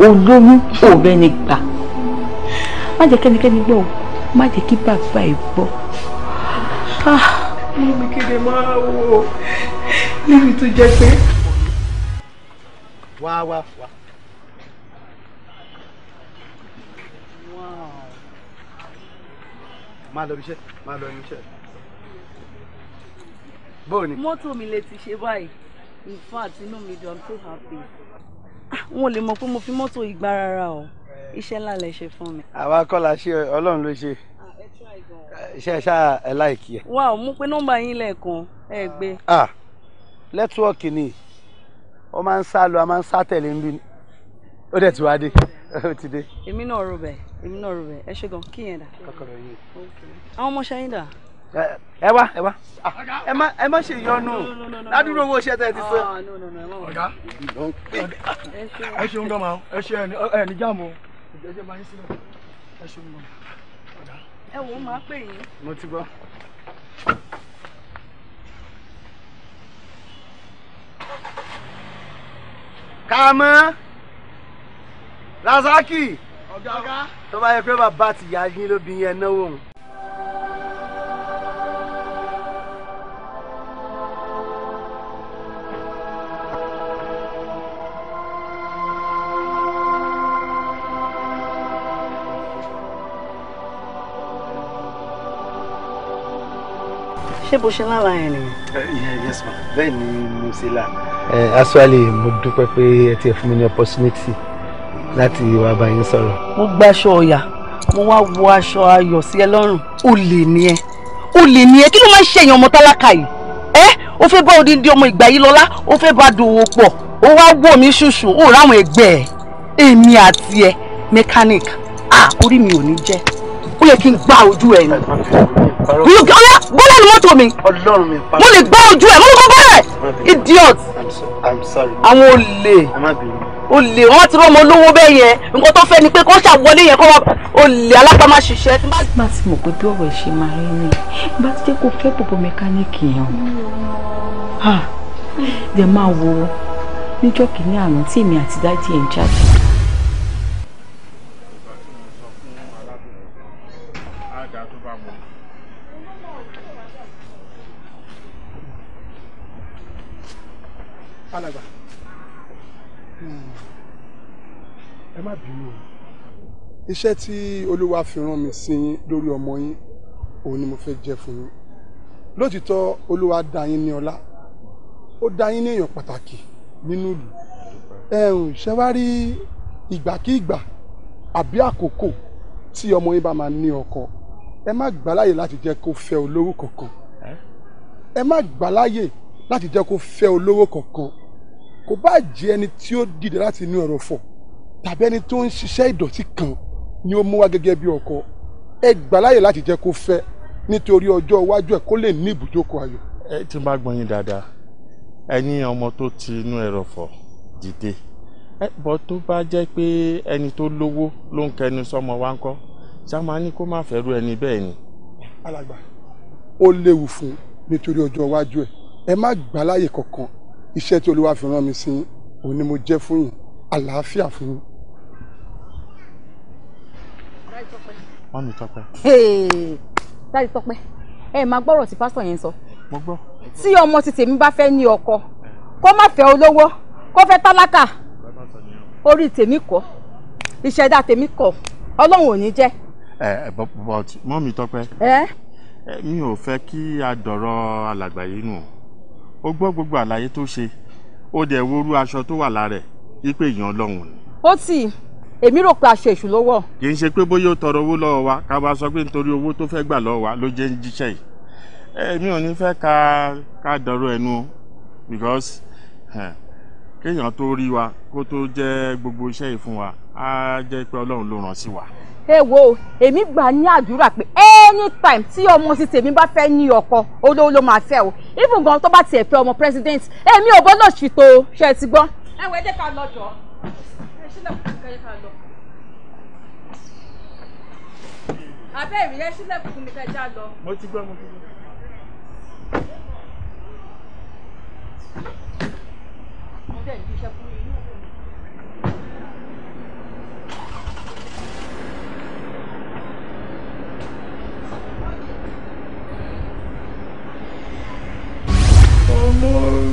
olóyún òrẹ́ ni gbà má jẹ́ kẹ́nikẹ́ni gbọ́ o má jẹ́ kí bàbá ẹ̀ gbọ́. mo ní kéde máa wò ó níbi tó jẹ́ pé Wow! Wow! Wow! máa lọ ibiṣẹ́ máa lọ ibiṣẹ́ bóò ni. mọ́tò mi lè ti ṣe báyìí in fact inú mi dùn i'm so happy. wọn ah, ò lè mọ̀ pé mo fi mọ́tò ìgbà rárá o iṣẹ́ ńlá lẹ ṣe fún mi. àwa kọ́ la ṣe ọlọ́run ló ṣe ah, iṣẹ́ ṣáà ẹ̀ láìkí ẹ̀. wà á mú pé nọ́mbà yín lẹ́ẹ̀kan ẹ̀ gbé. ah nẹ́tíwọ́ọ̀kì ni o máa ń sá lọ a máa ń sá tẹ̀lé ń bí ni ó dẹ̀ ti wá dé ó ti dé. èmi náà rò bẹ́ẹ̀ èmi náà rò bẹ́ẹ̀ ẹ ṣe gan kí yẹn dà. kọ́kọ́rọ́ yìí. àwọn ọmọọṣẹ́ yín dà. ẹ wá ẹ wá ah, ẹ má ṣe yọnu ládùúgbò owó iṣẹ́ tẹ ti sọ. Ah, ọ̀gá ẹ ṣeun gan ma ẹ ṣe ẹ ní jáàmù ẹ ṣe máa ń sílẹ̀ ẹ ṣeun gan ọ̀gá. ẹ wò ó máa pè yín. mo ti gbọ́. Thank you kàmọ́ Razaki tó bá yẹ pé bàbá tìyá yín ló bí yẹn náwó òun. ṣé bó ṣe lára ẹ nìyẹn. Eh, yes ma bẹ́ẹ̀ ni mo ṣe lára actually mo dúpẹ́ pé ẹ ti fún mi ní opportunity láti wá bá yín sọ̀rọ̀. mo gbaṣọ ọ̀yà mo wá wọ aṣọ ayọ̀ sí ẹ lọ́rùn olè ni ẹ olè ni ẹ kí ló máa ń ṣèyàn ọmọ tálákà yìí ẹ o fẹ́ bá odindi ọmọ ìgbà yìí lọ́lá o fẹ́ bá dòwò pọ̀ o wá wọ̀ mí ṣùṣù o ráwọn ẹgbẹ́ ẹ èmi àti ẹ mechanic ah orí mi ò ní jẹ́ ó yẹ kí n gbá ojú ẹ ni ọlá bọ́lá ni mọ́tò mi mo lè gbọ́ ojú ẹ̀ mo lè kọ́ bọ́lá idiot àwọn olè olè wọn ti rọmọ olówó bẹ́ẹ̀ yẹn nǹkan tó fẹ́ ni pé kó ṣàwọlé yẹn kó olè alápámá ṣiṣẹ́. bá ti mọ̀ pé bí ọ̀rọ̀ ẹ̀ ṣe máa rí ni bá ti jẹ́ kó fẹ́ bọ̀bọ̀ mẹkáníìkì yẹn o dẹ̀ máa wo níjọ́ kìíní àná tí èmi àti dájí ẹ̀ ń jáde. alàgbà hmm. ẹ má bínú o iṣẹ́ tí olúwa fi rán mi sí yín lórí ọmọ yín òun ni mo fẹ́ jẹ́ fún yín lótìtọ́ olúwa dá yín ní ọlá ó dá yín ní èèyàn pàtàkì nínú ìlú ẹ̀hún ṣe wá rí ìgbàkígbà àbí àkókò tí ọmọ yín bá máa ní ọkọ ẹ má gbàláyè láti jẹ́ kó fẹ́ olówó kankan ẹ má gbàláyè láti jẹ́ kó fẹ́ olówó kankan kò bá jẹ́ ẹni tí ó dìde láti inú ẹrọ̀fọ̀ tàbí ẹni tó ń ṣiṣẹ́ ìdọ̀tí kan ni ó mú wá gẹ́gẹ́ bí ọkọ ẹ gbà láyè láti jẹ́ kó fẹ́ nítorí ọjọ́ iwájú ẹ̀ kó lè ní ibùjókòó ayọ̀. ẹ ti máa gbọ́n yín dáadáa ẹ̀yin ọmọ tó ti inú ẹrọ̀fọ̀ dìde ẹ bọ́ tó bá jẹ́ pé ẹni tó lówó ló ń kẹnu sọmọ wa ń kọ́ ṣá máa ní kó má fẹ́rù ẹni bẹ́ẹ̀ ni. alàgbà ó léwu fún nítorí ọjọ́ iwájú ẹ ẹ má gbà láyè kankan iṣẹ́ tí olúwa fi rán mi sí òun ni mo jẹ́ fún yín àlàáfíà fún yín. wọ́n mi tọpẹ́. dáàdi tọpẹ́ ẹ máa gbọ́rọ̀ tí pásítọ̀ yẹn sọ. mo gbọ́. tí ọmọ ti tèmi bá fẹ́ ní ọkọ kó má fẹ́ olówó kó fẹ́ tálákà orí tèmi kọ́ ìṣẹ̀dá tèmi kọ́ ọlọ́run ò ní jẹ́. ẹ ẹ but mọ mi tọpẹ́. ẹ mi ò fẹ́ kí a dọ̀rọ̀ alàgbà yìí nù o gbọ́ gbogbo àlàyé tó ṣe ó dẹ̀ worú aṣọ tó wà lára ẹ̀ wípé èèyàn ọlọ́run ni. ó tì í èmi rò pé aṣọ èṣù ló wọ̀. kì í ṣe pé bóyá ó tọrọ owó lọ́wọ́ wa ká bá sọ pé nítorí owó tó fẹ́ gbà lọ́wọ́ wa ló jẹ́ ń jíṣẹ́ yìí èmi ò ní fẹ́ ká ká dọ̀rọ̀ ẹnu o because kéèyàn tó rí wa kó tó jẹ́ gbogbo iṣẹ́ yìí fún wa á jẹ́ pé ọlọ́run ló ràn sí wa ẹ wo èmi gbà ní àdúrà pé anytime tí ọmọ sí tèmi bá fẹ́ ní ọkọ olówó ló máa fẹ́ o even gan tó bá tiẹ̀ fẹ́ ọmọ president èmi ò bọ́lọ̀ ṣètò ṣe ti gbọ́. ẹ wọ ẹ jẹ́ ká lọ jọ ẹ ṣílẹ̀ kùkù ẹ jẹ́ ká lọ. abẹ́ ìrìlẹ̀ ṣílẹ̀ kùkù mi fẹ́ já lọ. mo ti gbọ́ mo ti gbọ́. mo dẹ̀ ní iṣẹ́ fún mi. ọmọ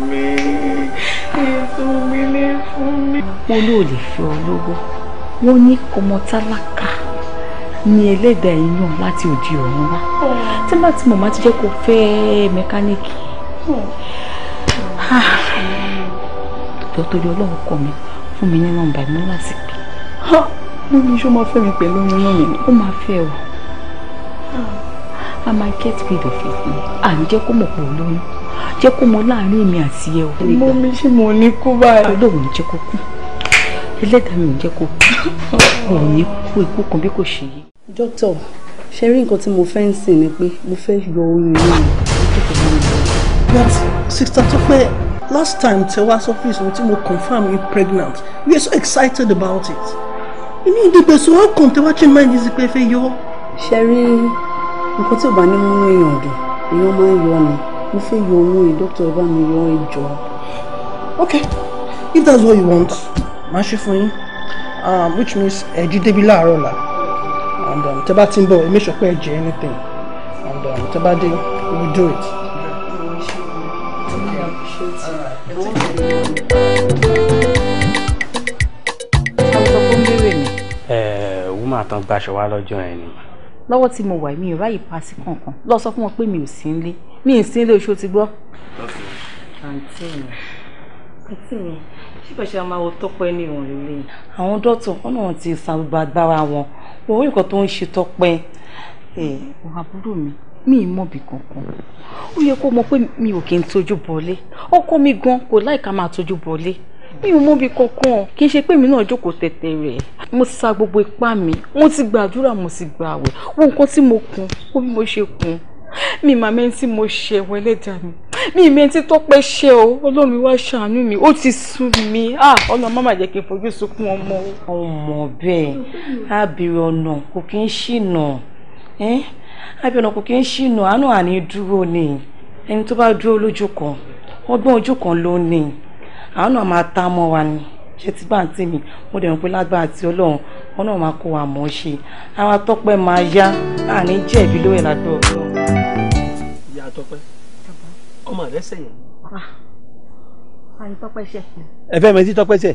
mi ètò mi lè fún mi. wọn ló lè fẹ́ olówó wọn ní ọmọ tálákà ni ẹlẹ́dàá yìí yàn láti òdi ọ̀run wá tí má ti màmá ti jẹ́ kó fẹ́ mẹkáníìkì ìjọ tó yọ ọlọ́run kọ mi fún mi ní nọ́mbà ìmúlásìkò. mo ní sọ ma fẹ́ mi pẹ̀lú oyún náà mi. ó máa fẹ́ o. I might get rid of it ni à ń jẹ́ kó mọ̀ pé olóyún jẹ́ kó mọ láàrin èmi àti ẹ o. mo mi ṣe mo ní kú báyìí. olóhùn jẹ́ kó kú ẹlẹ́dàá mi ò jẹ́ kó kú òun ní kú ikú kan bí kò ṣe yé. dókítà ṣe rí nǹkan tí mo fẹ́ ń sìn ni pé mo fẹ́ yọ oyún inú mi lókè tó bá mi. but sista tó pẹ́ last time tẹ wá sọ́fíìsì ohun tí mo confirm you pregnant we are so excited about it inú ìdìbò sọ ọkàn tẹ wá change mind yìí sí pé ẹ fẹ́ yọ. ṣe rí nǹkan tí ò bá ní múnú èèyàn dùn èèyàn máa ń yọ ni mo fẹ́ yọ ohun ẹ̀ dókítà ẹ mi yọ ẹ jọ. okay if that's what you want máa ṣe fún yín ah, which means ẹ̀jú débi láàárọ̀ là and um, tẹ bá ti ń bọ̀ ẹ make pé ẹ jẹ anything and um, tẹ bá dé we will do it. ẹ ẹ wúmọ̀ àtàn gbaṣọ wa lọ́jọ́ yẹn ni lọ́wọ́ tí mo wà mi ò ráyè paṣí kankan lọ sọ fún wọn pé mi ò sí nílé mi ò sí nílé oṣù ti gbọ́. àǹtí mi àǹtí mi ṣíbẹ̀ ṣe máa wo tọ́pẹ́ ní ìwọ̀n líle. àwọn dọ́tọ̀ wọn náà ti san gbogbo agbára wọn wọn ò nǹkan tó ń ṣe tọ́pẹ́. ọ̀hún àbúrò mi mi ì mọ̀bì kankan ó yẹ kó mọ̀ pé mi ò kí n tójú bọ̀lé ọkọ mi gan kò láìka máa tójú bọ̀lé mi ò mọbi kankan kì í ṣe pé mi náà jókòó tẹ̀tẹ̀ rẹ̀ mo sa gbogbo ipá mi mo ti gbàdúrà mo sì gbà àwẹ̀ wo nǹkan tí mo kun wo bí mo ṣe kun mi màá mẹ́ni tí mo ṣe ẹ̀wọ̀n ẹlẹ́dàá mi mi mẹ́ni tí Tọ́pẹ́ ṣe o ọlọ́mi wá ṣàánú mi ó ti sú mi ọlọ́run má má jẹ́ kí n fojú sunkún ọmọ. ọmọ bẹ́ẹ̀ ábìrì ọ̀nà kò kí ń ṣìnà ábìrì ọ̀nà kò kí ń ṣìnà àánú àní dúró ni ẹni tó bá dúró lójú kan ọgbọ́n ojú kan ló ní àwọn náà máa tá mọ́ wa ni ṣe ti bá ń tì mí mo dẹ̀ ń pé lágbára àti ọlọ́run wọn náà máa kó wa mọ̀ ọ́ ṣe àwa tọ́pẹ́ máa yá àní jẹ̀bi lóye lágbára ọlọ́run. ìyá tọ́pẹ́ ọmọ rẹ sẹ́yìn. àní ah, tọ́pẹ́ ṣe. ẹ fẹ́ mi tí tọ́pẹ́ ṣe.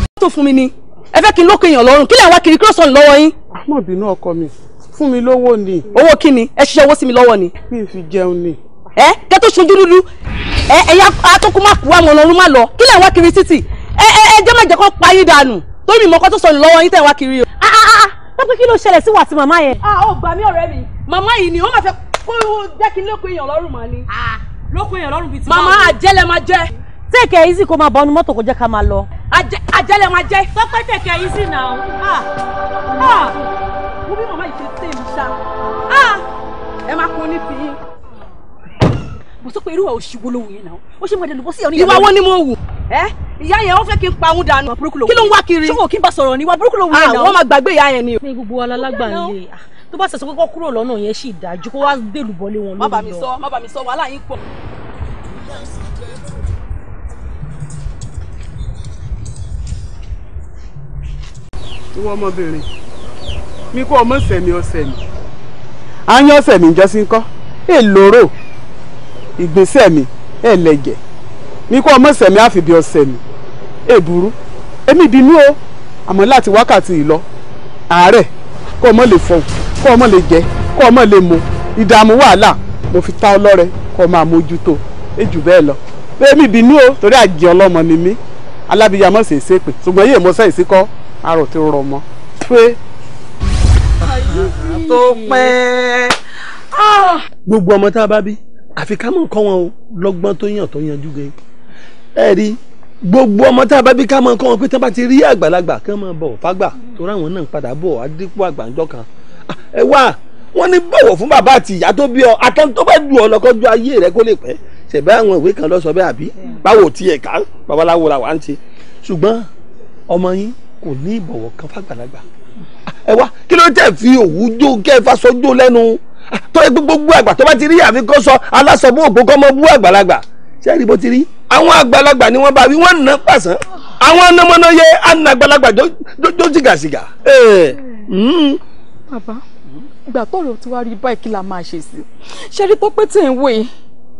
wọ́n tó fún mi ni ẹ fẹ́ kí n lókè èèyàn lọ́rùn kí lè wá kiri kírọ̀sán lọ́wọ́ yín. àmọ́ ah, bínú ọkọ mi fún mi lówó ni. owó kí ni ẹ ṣiṣẹ́ owó sí mi lọ́wọ́ ni. mi ì fi jẹun ni. ẹ kẹ́ tó ṣojú dúdú ẹ ẹ̀yà atókùnmáàkù àwọn ọ̀nà ọ̀run má lọ kí lẹ̀ ń wá kiri títì ẹ ẹ ẹ jẹ́ má jẹ́ kó pa yín dànù torí mi mọ́kọ́ tó sọnù lọ́wọ́ yín tẹ̀ wá kiri o. a ah, a ah, a ah, lọ́pẹ́ kí ló ṣẹlẹ̀ sí wàtí màmá yẹn. a ò gbà mí ọ̀rẹ́ mi màmá yìí ni ó máa fẹ́ kó jẹ́ kí lóko èèyàn lọ́rùn mọ́ ni. lóko èèyàn lọ́rùn bíi ti máa wọ. màmá àjẹlẹ máa jẹ. tèkè easy kó máa bọ́ ọ́nú mọ́tò kó jẹ́ ká máa lọ. àjẹlẹ máa jẹ. sọpẹ́ tèkè easy náà mo bí màmá yìí ṣe tẹ̀ mí ṣá ẹ máa kún ní fi yín mo sọ pé irú ẹ̀ òṣìwò lòun yẹn náà ó ṣe mọ̀ ẹ̀dẹ̀ lùbọ́sí ọ̀nìyàn. ìwà wo ni mo wù. ẹ ìyá yẹn ó fẹ́ kí n pa òun dànù. kí ló ń wá kiri. ṣé wọn kí n bá sọ̀rọ̀ ni wa burúkú lòun yẹn ah, náà. àwọn máa gbàgbé ìyá yẹn ni o. ní gbogbo alálágbà ni ah, tó bá sẹ̀sọ́ kọ́kọ́ kúrò lọ́nà yẹn sì dájú kó wá gbèlú bọ́lé wọn lórí lọ. má bà mí sọ má bà mí sọ wàhálà yín pọ̀. ìwọ ọmọbìnrin mi kó ọmọ sẹ̀mí ọsẹ̀ mi. a ń mi jọ́sí ń kọ́ èlòrò ìgbésẹ̀ mi ẹ̀ lẹ̀gẹ̀ mi kọ́ ọmọ sẹ̀mí àfìbí ọ̀sẹ̀ mi èbúrú èmi bínú o àmọ́ láti wákàtí ìlọ àárẹ̀ kọ́ ọmọ lè fọhùn kọ́ ọmọ lè jẹ kọ́ ọmọ lè mu ìdààmú wàhálà mo fi ta ọlọ́rẹ kọ́ máa mójútó ejù bẹ́ẹ̀ lọ pé èmi bínú o torí àjẹ ọlọ́mọ ni mí alábìyàmọ̀ sì ṣe pé ṣùgbọ́n yìí mo sẹ́ ìsíkọ́ àrò tí ó rọ mọ́ pé. Ah. gbogbo ọmọ tá a bá bí àfi ká mọ̀ nǹkan wọn o lọ́gbọ́n tó yàn tó yanjú gẹ́ ẹ rí gbogbo ọmọ tá a bá bí ká mọ̀ nǹkan wọn pé tí wọ́n bá ti rí àgbàlagbà kí wọ́n máa bọ̀wọ̀ fágbà tó ráwọn náà padà bọ̀ adípò àgbàǹjọ kan ah, ẹ wá wọ́n ní bọ̀wọ̀ fún bàbá àti ìyá tó bí ọ àtàn tó bá ju ọlọ́kọ́ ju ayé rẹ kó lè pẹ́ ṣẹ̀bẹ́ àwọn ìwé kan lọ sọ bẹ́ẹ̀ àbí báwo tiẹ̀ ká babaláwo la wà ń ṣe ṣùgbọ́n ọmọ yín kò ní ìbọ̀wọ̀ kan fàgbàlagbà ah, ẹ wá kí ló tẹ̀ fi òwú jó kẹ́ sọ́jọ́ lẹ́nu tó yẹ gbogbo àgbà tó bá ti rí àfi kó sọ alásọ̀bù ògbó kọ́ mọ́ bú àgbàlagbà ṣé rí bó ti rí àwọn àgbàlagbà ni wọ́n bá wí wọ́n nà pàṣán àwọn anamọ́nà yẹ àna àgbàlagbà jó jìgàsìgà. Eh, hmm. bàbá ìgbà tọrọ tí wàá rí báyìí kí la máa ṣe sí ṣe rí tó pé tí ń wé yìí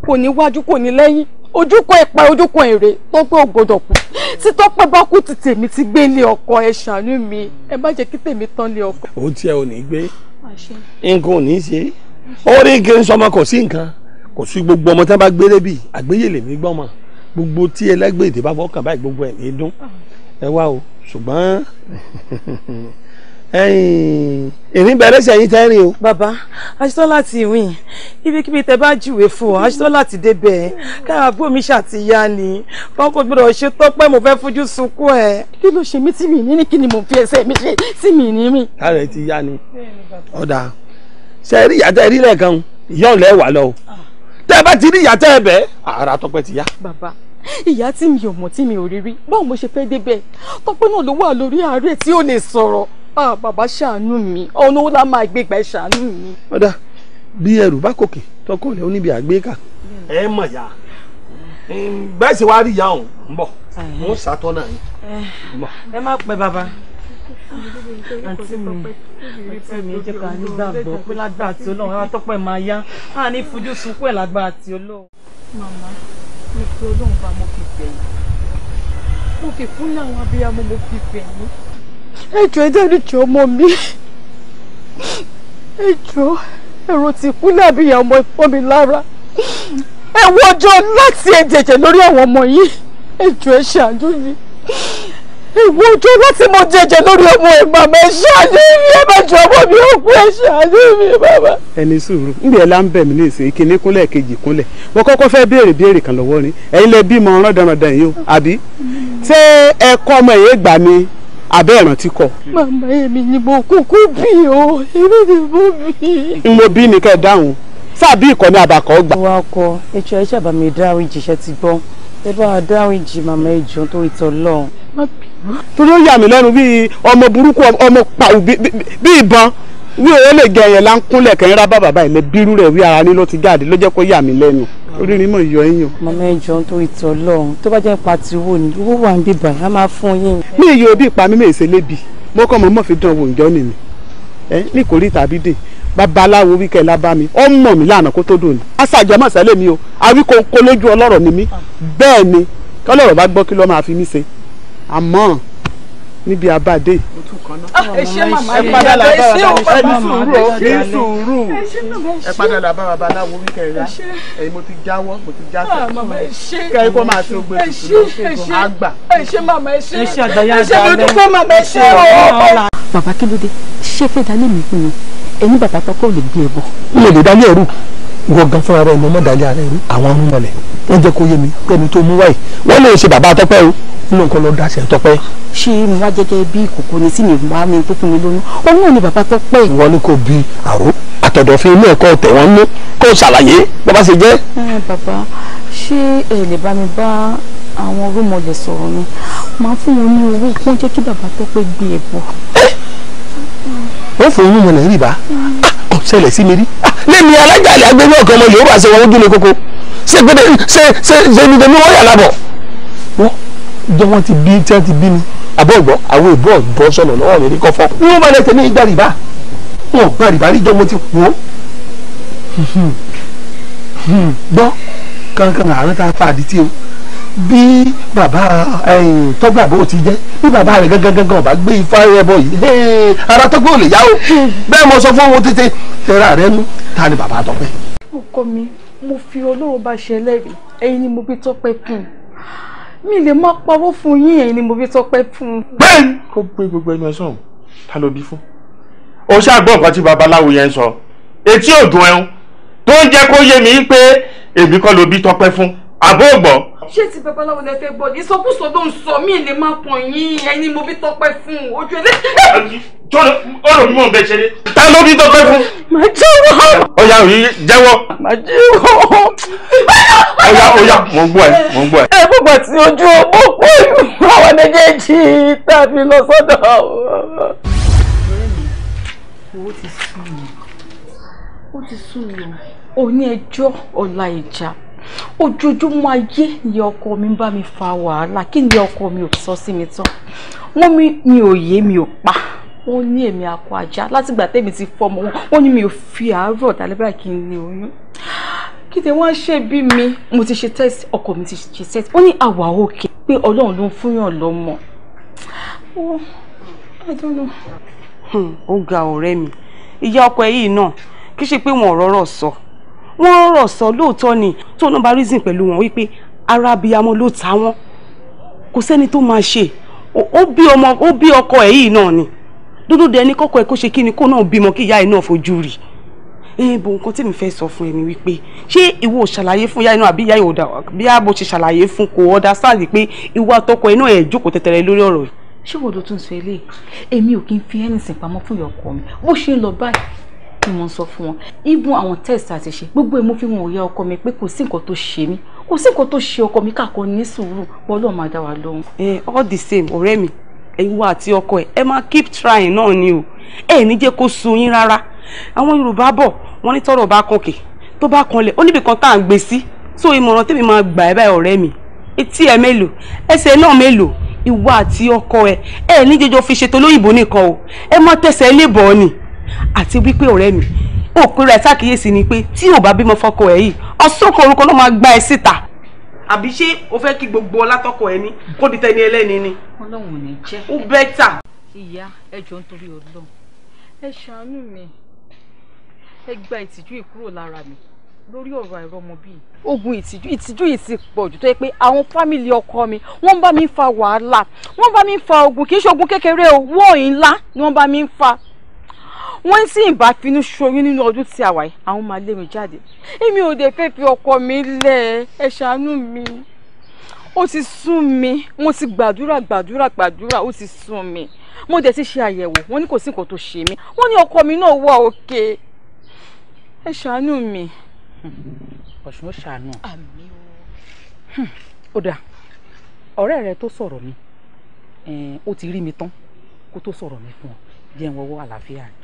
kò ní wájú kò ní lẹ́yìn ojú kan ẹ̀pà ojú kan èrè tọ́pẹ́ ò gbọ́dọ̀ kú tí tọ́pẹ́ bá kú ti tèmi ti gbé ilé ọkọ ẹ ṣàánú mi ẹ má jẹ́ kí tèmi tán lé ọkọ. òun tiẹ̀ ò ní gbé nǹkan ò ní í ṣe orí nǹkan sọmọ kò sí nǹkan kò sí gbogbo ọmọ tí wọn bá gbélé bì àgbéyèlè mi gbọ́n mọ̀ gbogbo tí ẹlẹ́gbẹ̀dẹ̀ bá fọkàn báyìí gbogbo ẹ̀ ní dún ah. ẹ wá o ṣùgbọ́n èmi bẹ̀rẹ̀ sí ẹ̀yìn tẹ́rìn o. bàbá aṣetán láti ìwìn ibikíbi tẹ bá júwe fún ọ aṣetán láti débẹ̀ káà bómi ṣàtìyá ni kọ́kọ́ gbọ́dọ̀ ṣe tọ́pẹ́ mo fẹ́ fojú sunkún ẹ̀. kí ló ṣe mí tí mi ní ní kí ni mo fi ẹsẹ̀ mi ṣe sí mi ní mi. ara ẹ ti yá ni ọ̀dà ṣe rí ìyá tẹ rí lẹ́ẹ̀kan ìyá ọ̀lẹ́ wà lọ o tẹ bá ti rí ìyá tẹ bẹ́ẹ̀ ara tọ́pẹ́ ti yá. bàbá ìyá tí mi ò mọ̀ tí mi ò rí rí báwo mo ṣe fẹ́ débẹ̀ tọ́pẹ́ náà ló wà lórí àárẹ̀ tí ò lè sọ̀rọ̀ ah Baba ṣàánú mi ọ̀nà wo la máa gbé gbà ẹ ṣàánú mi. ọ̀dà bí ẹrù bá kòkè tọkọ rẹ ó níbi àgbékà. ẹ mọ̀ ya bẹ́ẹ̀ sì wá rí ìyá òun ń bọ̀ ń sàtọ́ náà ni. ẹ má pẹ́ bàbá àǹtí mi àǹtí mi jẹ́ ká nígbàgbọ́ pé lágbára tí Ọlọ́run ara tọ́pẹ́ máa yá á ní fojú sunkún ẹ̀ lágbára tí Ọlọ́run. màmá mi fi Ọlọ́run bá mo fi bẹ̀yìn mo fi kún láwọn abiyamọ mo fi bẹ̀yìn ẹjọ ẹdẹrìjì ọmọ mi ẹjọ ẹ̀rọ ti kú lábí ìyá ọmọ ìfọ́ mi lára ẹ wo ọjọ́ láti ẹ̀jẹ̀jẹ̀ lórí àwọn ọmọ yìí ẹjọ ẹ ṣàánú mi ìwọ ojú láti mo jẹjẹ lórí ọmọ ẹ màmá ẹ ṣàánú mi ẹ má jọ ọmọ mi ó kú ẹ ṣàánú mi bàbá. ẹni sùúrù níbi ẹ̀ la ń bẹ̀ mí ní ìsìn ìkíní kúnlẹ̀ kejì kúnlẹ̀ mo kọ́kọ́ fẹ́ béèrè béèrè kan lọ́wọ́ ni ẹ̀yin lè bímọ ọ̀rán dandan yìí o àbí ṣé ẹ kọ́ ọmọ ẹ̀yẹ́ gbà mí abẹ́ ìrántí kọ. màmá èmi ni mo kúkú bí o èmi ni mo bí. n mo bí ni kẹ́ ẹ dáhùn sábì ìkọ́ni àbàkọ́ gbà. ìwà ọkọ ètò ẹ̀ ṣàbà mi dáríjì ṣe ti gbọ́ ẹ bá wa dáríjì màmá ẹjọ́ tó ìtọ́ lọ́hùn. torí ó yà mí lẹ́nu bíi ọmọ burúkú ọmọ pàù bíi ìbọn mi ò lè gẹ ẹyẹ láńkúnlẹ̀ kẹrin rábà bàbá ilẹ̀ bírú rẹ̀ wí ara ní ló ti gáàdì ló jẹ́ kó yà mí lẹ́nu orírin mọ̀ yọ ẹ̀yìn o. màmá ẹjọ tó ìtọ́ lọ́hùn tó bá jẹ́ ipa ti wo ni owó wà ń bí bàá máa fún yín. mi yọ bí ipa mímọ èsè lébi mo kọ́ mọ́ mọ́ fi dán owó ìjọ nìmi ẹ ní ìkórè tàbí dè babaláwo wíkẹ́ lábá mi ó mọ̀ mí lánàá kó tó dùn ní. aṣàjọmọ̀ sẹ́lẹ̀ mi o àwíkóńkó lójú ọlọ́rọ̀ ni mí bẹ́ẹ̀ ni tọ́lọ́rọ̀ bá gbọ́ kí ló máa fi mí ṣe àmọ́ níbi àbádé. Ah, ẹ ṣe màmá yìí ẹ padà là bá bàbá ní sùúrù ní sùúrù ẹ padà là bá bàbá láwo wí kẹrìnlá ẹyin mo ti jáwọ́ mo ti já ah, sẹ kẹrin kó máa ṣe ogbe tuntun lọ àgbà. ẹ ṣe màmá ẹ ṣe ẹ ṣe àgbàyà àgbà rẹ ẹ ṣe mo dúpẹ́ màmá ẹ ṣe o. bàbá kí ló dé ṣé fẹ́ dalé mi fún mi ẹni bàtà tọkọ lè gbé ẹ bọ. mi ò lè dalé ẹrú gbọ̀ngàn fúnra rẹ mọ́mọ́ dalé ara ẹrú àwọn arúnmọ̀lẹ̀ wọ́n jẹ́ kó yé mi pẹ́ni tó mú wáyé wọ́n lè ṣe bàbá àtọ́pẹ́ o nínú nǹkan lọ dá sí ẹtọpẹ. ṣé mo wá gẹ́gẹ́ bí ìkòkò ni tí mi wá mi tó fún mi lóyún òun ni bàbá tọpẹ. ìwọ ni kò bí àrò àtọ̀dọ̀fin ilé ẹ̀kọ́ tẹ̀ wọ́n mú kó ṣàlàyé bàbá ṣe jẹ́. bàbá ṣé ẹ lè bá mi bá àwọn rúmọlẹ̀ sọ̀rọ̀ ni màá fún wọn ní owó kí wọ́n jẹ́ kí bàbá tọpẹ gbé e ẹ bọ̀. wọ́n fún oyún mọ̀lẹ́ rí bá kò mm. ah, ṣẹlẹ̀ sí mi rí ah, lẹ́mi alájàlẹ̀ agbẹ́wọ́ ọ̀kan ọmọ Yorùbá ṣe wọn ojú ní koko ṣé gbẹdẹ ṣe ṣe ṣe ní jọ wọn ti bí tí wọn ti bí ni. àbọ̀ ìgbọ́ àwọn ìbú ọ̀gbọ́n sọ̀nà lọ́wọ́ mi rí kọ́ fọ́ wọn máa lẹ́sẹ̀ ní ìgbà rìbá wọn gba rìbá rí jọ mo ti wò ó. gbọ́ kankan àárín tá a fa àdìtì o bí bàbá tọ́gbà bó ti jẹ́ bí bàbá rẹ̀ gángan gángan ọ̀bá gbé ifá ẹbọ yìí ara tọ́gbà ò lè yá o bẹ́ẹ̀ mo sọ fún wọn tètè tẹ̀ra rẹ nú ta ni bàbá tọ́pẹ́. ọkọ mi mo fi olóró bá ṣe ẹlẹ́rìí ẹ̀yin ni mo bí tọ́pẹ́ kùn mi lè má pawó fún yín ẹ̀yin ni mo fi tọpẹ́ fún. bẹ́ẹ̀ni ó gbé gbogbo ẹnu ẹ sọ̀rọ̀ ta ló bí fún. o ṣàgbọ́ nǹkan tí babaláwo yẹn ń sọ etí òdùn ẹun tó ń jẹ́ kó yé mi pé èmi kọ́ ló bí tọpẹ́ fún àbó ògbọ́. ṣé ti babaláwo lẹ fẹ́ gbọ́ ní ìsọkúsọ ló ń sọ mí lè má pọ̀ yín ẹ̀yin ni mo fi tọpẹ́ fún ojú ẹlẹ́sìn tó ó lò mímọ̀ bẹ́ẹ̀ ṣeré. ta ló bí tó fẹ́ fún. mà á jẹ́wọ́. ọ̀ya ò yí jẹ́wọ́. mà á jẹ́wọ́. ọ̀ya ọ̀ya mò ń gbọ́ ẹ mò ń gbọ́ ẹ. ẹ gbogbo àti ojú ọmọ pé àwọn méjèèjì tàbí lọ sọ́dọ̀. ọ̀rẹ́ mi owó ti sùn mí ó ti sùn mí o ní ẹjọ́ ọ̀la ìjà ojoojúmọ́ ayé ni ọkọ mi bá mi fa wàhálà kí ni ọkọ mi ò sọ sí mi tán wọ́n mi ò yé mi ò pa wọ́n ní èmi akọ ajá látìgbà tẹ́mi ti fọmọ wọn wọ́n ní mi ò fi àárọ̀ dálẹ́bàá kí n ní oyún kí tẹ wọ́n ṣe bí mi mo ti ṣe test ọkọ mi ti ṣe test wọ́n ní àwa òkè pé ọlọ́run ló ń fúnyàn lọ́mọ. Oh, hmm, ó ga ọ̀rẹ́ mi ìyá ọkọ ẹ yìí náà kì í ṣe pé wọn ò rọ́rọ̀ sọ wọn rọ́rọ̀ sọ lóòótọ́ ni tó náà bá reason pẹ̀lú wọn wípé ara abiyamọ ló ta wọn kò sẹ́ni tó máa ṣe ó bí ọkọ ẹ yìí náà ni dúdú de ní kọ́kọ́ ẹ kó ṣe kí ni kó náà bímọ kí ìyá ẹ náà fojú rí ẹ bo nǹkan tí mi fẹ́ sọ fún ẹ ni wípé ṣé ìwọ ò ṣàlàyé fún ìyá ẹ náà àbí ìyá ẹ ò dà bí àbò ṣe ṣàlàyé fún kò ọ̀dà sáàdì pé ìwọ àtọkọ ẹ náà ẹ jókòó tẹtẹrẹ lórí ọ̀rọ̀ yìí. ṣé wo ló tún sọ eléyìí èmi ò kí ń fi anything pamọ́ fún ìyọkọ mi bó ṣe ń lọ báyìí ni mo ń sọ fún wọn even àwọn test àti ṣe gbogbo èmo fi wọn ò ọkọ mi pé kò sí nǹkan tó ṣe mí kò sí nǹkan tó ṣe ọkọ mi káàkó ní sùúrù bọ́ọ̀lù ọ̀ máa dá wa lóhùn. ẹ all the same ọ̀rẹ́ mi ìwọ àti ọkọ ẹ ẹ máa keep trying náà ni o ẹ ní jẹ́ kó sú yín rárá àwọn Yorùbá bọ̀ wọ́n ní tọ́rọ̀ bá kàn kè tó bá kanlẹ̀ ó níbi kan tá à ń gbé sí so ìmọ̀ràn tèmi máa gbà ẹ́ báyìí ọ̀rẹ́ mi etí ẹ mélòó ẹsẹ̀ náà mélòó ìwọ àti ọkọ ẹ ẹ ní jẹjọ fi ṣètò olóyìnbó nìkan o ẹ má tẹsẹ̀ lébọ̀ ni àti wípé ọ̀rẹ́ mi òpin rẹ̀ ṣàkíyèsí ni pé tí ò bá bímọ fọkọ ẹ yìí ọ̀sán kan orúkọ náà máa gbá ẹ síta àbí ṣé o fẹ́ kí gbogbo ọlátọ́kọ ẹni kó di tẹni ẹlẹ́ni ni. ọlọ́run ò ní jẹ́. ó bẹ́tà. ìyá ẹ jọ̀ọ́ nítorí ọlọ́run ẹ ṣàánú mi ẹ gba ìtìjú yìí lára mi lórí ọ̀rọ̀ àìrọ́mọ bíi. ogun ìtìjú ìtìjú yìí ti pọ̀ jù tó yẹ pé àwọn fámìlì ọkọ mi wọ́n bá mi fa wàhálà wọ́n bá mi fa ogun kì í ṣe ogun kékeré o wọ́ọ̀yìn ńlá ni wọ́n bá mi fa wọ́n sì ń bá finú ṣoyún nínú ọdún tí a wà yìí àwọn máa lé mi jáde èmi ò dé fẹ́ fi ọkọ mi lẹ̀ ẹ ṣàánú mi ó ti sún mi mo ti gbàdúrà gbàdúrà gbàdúrà ó ti sún mi mo dẹ̀ ti ṣe àyẹ̀wò wọ́n ní kò sí nǹkan tó ṣe mí wọ́n ní ọkọ mi náà wà òkè ẹ ṣàánú mi. ọ̀ṣun ó ṣàánú hmm. ó dà ọ̀rẹ́ rẹ tó sọ̀rọ̀ mi eh, ó ti rí mi tán kó tó sọ̀rọ̀ mi fún ọ jẹun ọwọ́ àlàáfíà rẹ.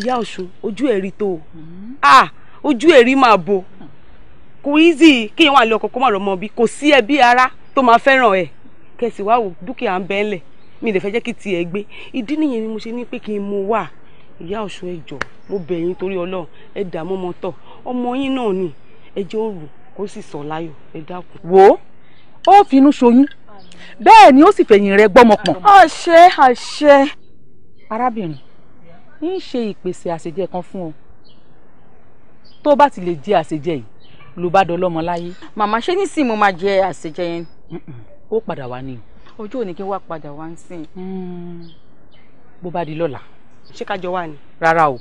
ìyá ọ̀ṣun ojú ẹ̀rí tó o ah ojú ẹ̀rí máa bo kò easy kéèyàn wà lé ọkọ̀ kó má rọmọ bí kò sí ẹbí ara tó máa fẹ́ràn ẹ̀ kẹsì wá wò dúkìá ń bẹ́ ńlẹ̀ mi lè fẹ́ jẹ́ kí tiẹ̀ gbé ìdí nìyẹn ni mo ṣe ní pé kí n mú wá ìyá ọ̀ṣun ẹ jọ̀ọ́ mo bẹ̀ yín torí ọlọ́run ẹ dààmú ọmọ tọ̀ ọmọ yín náà ni ẹ jẹ́ òrù kó sì sọ láyọ̀ ẹ dákun. wò ó finú ṣoyún bẹ́ẹ̀ ni ó sì fẹ̀yìn rẹ̀ gbọ́mọpọ̀n. àṣẹ àṣẹ. arábìnrin ń ṣe ìpèsè àṣejẹ kan fún ọ tó bá ti lè jẹ àṣejẹ yìí ló bá dọlọ́mọ láyé. màmá ṣé ní sìn mo máa jẹ àṣejẹ yẹn. ó padà wá ni. ojú ò ní kí n wá padà wá ń sìn. Mm. bó bá di lọ́la. ṣé ká jọ wà ni. rárá o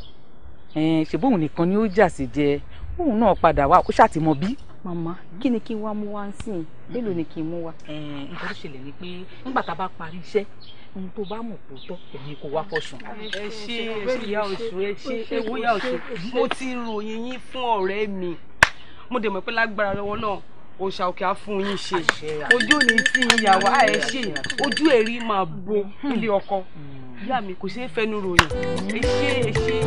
ṣèbóhùn nìkan ni ó jà sí jẹ bóhùn náà padà wá kó ṣàtìmọ bí màmá kí ni kí n wá mú wá ń sìn mélòó ni kí n mú wá. nǹkan ṣẹlẹ̀ ni pé nígbà tá a bá parí iṣẹ́ n tó bá mọ̀ kó tọ́ èmi kò wá fọ̀sùn. ẹ ṣe ìyá oṣù ẹ ṣe ewu ìyá oṣù mo ti ròyìn yín fún ọ̀rẹ́ mi mo dẹ̀ mọ̀ pé lágbára lọ́wọ́ náà òòṣà òkè á yín ṣe ojú òní tí ìyàwó ẹ ṣe ojú ẹ̀rí máa bo hmm. ilé ọkọ hmm. ìyá mi kò ṣeé fẹnu ròyìn ẹ ṣe ẹ ṣe.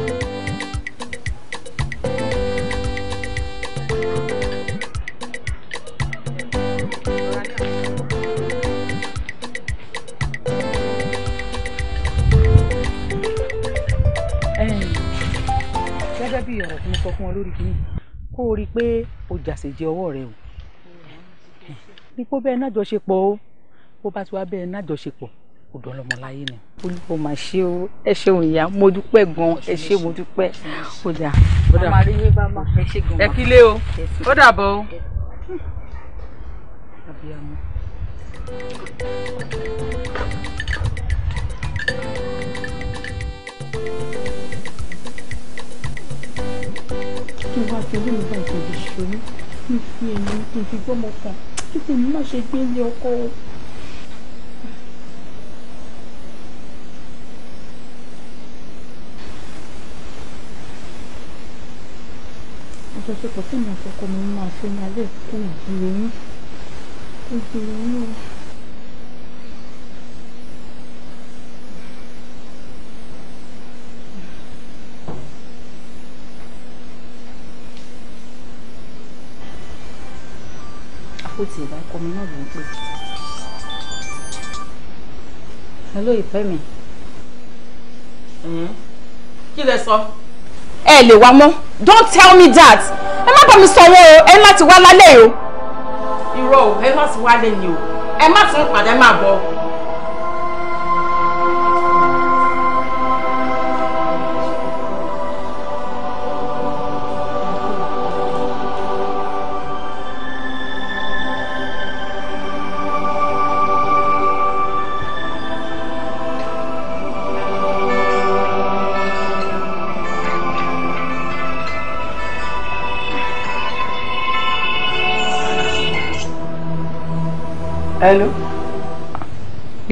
lórí ọ̀rọ̀ tí mo sọ fún ọ lórí kìíní kó o rí i pé o jàṣèjẹ ọwọ́ rẹ o ní kó bẹ́ẹ̀ nájọṣepọ̀ o bó bá ti wá bẹ́ẹ̀ nájọṣepọ̀ kò dán lọmọ ni. olùkọ́ mà ṣe o ẹ ṣeun ìyá mo dúpẹ́ gan ẹ ṣe mo dúpẹ́ ó dà ó dà ẹ kílé o ó dàbọ̀ o. Thank kí n wá ṣe ilé mi ṣòro kí n fi gbọ́mọ kan kí kò ní má ṣe gbé ilé ọkọ o. àjọṣepọ̀ tí mi àtọkọ mi máa ṣe ní alẹ́ kò ju oyún kò ju oyún o. ó ti ìbá mi náà ló ń pè. hello ìfẹ́ mi. Hmm? kí lẹ sọ. ẹ lè wá mọ́ don't tell me that ẹ má bá mi sanwó o ẹ má ti wá lálẹ́ o. irọ́ o ẹ má ti wá lẹ́yìn o ẹ má tún padà máa bọ̀.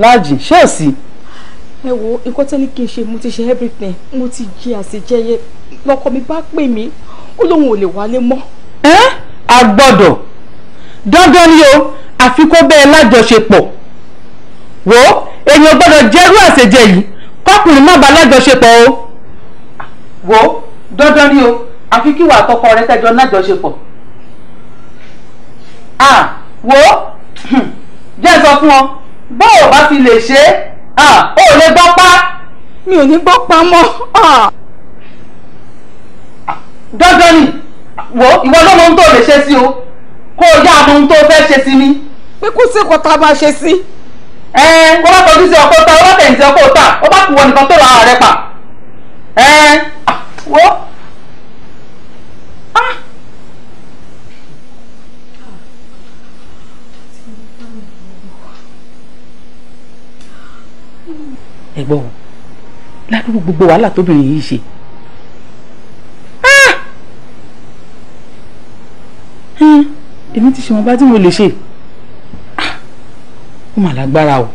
láàjì ṣé ò sí. ẹ wo nǹkan tó ní kí n ṣe mo ti ṣe everything mo ti jẹ àṣejẹyẹ lọkọ mi bá pè mí ó lóun ò lè wálé mọ́. ẹ a gbọ́dọ̀ dandan ni o àfi kó bẹ́ẹ̀ lájọṣepọ̀ wo èèyàn gbọ́dọ̀ jẹ́rú àṣejẹ yìí kọkùnrin má ba lájọṣepọ̀ o wo dandan ni o àfi kí wàá tọkọ rẹ tẹjọ lájọṣepọ̀ ah wo jẹ́ sọ fún ọ bó o bá fi lè ṣe é ó lè gbọ́ pa. mi ò ní gbọ́ pa mọ́. dandan ni wo ìwọ ló mọ ohun tó lè ṣe sí o kó o yá àwọn ohun tó fẹ́ ṣe sí ni. pé kó sí kó tá a máa ṣe sí. ẹ ẹ wọ́n bá kọjú sí ọkọ ta wọ́n bá tẹ̀yìn sí ọkọ ta wọ́n bá kú wọn nìkan tó ra ààrẹ pa. ẹ wo. Ah. ẹ̀gbọ́n o ládùúgbò gbogbo wàhálà tóbìnrin yìí ṣe ah! èmi ti ṣe wọn bá tí mo lè ṣe ah! ó mà lágbára o.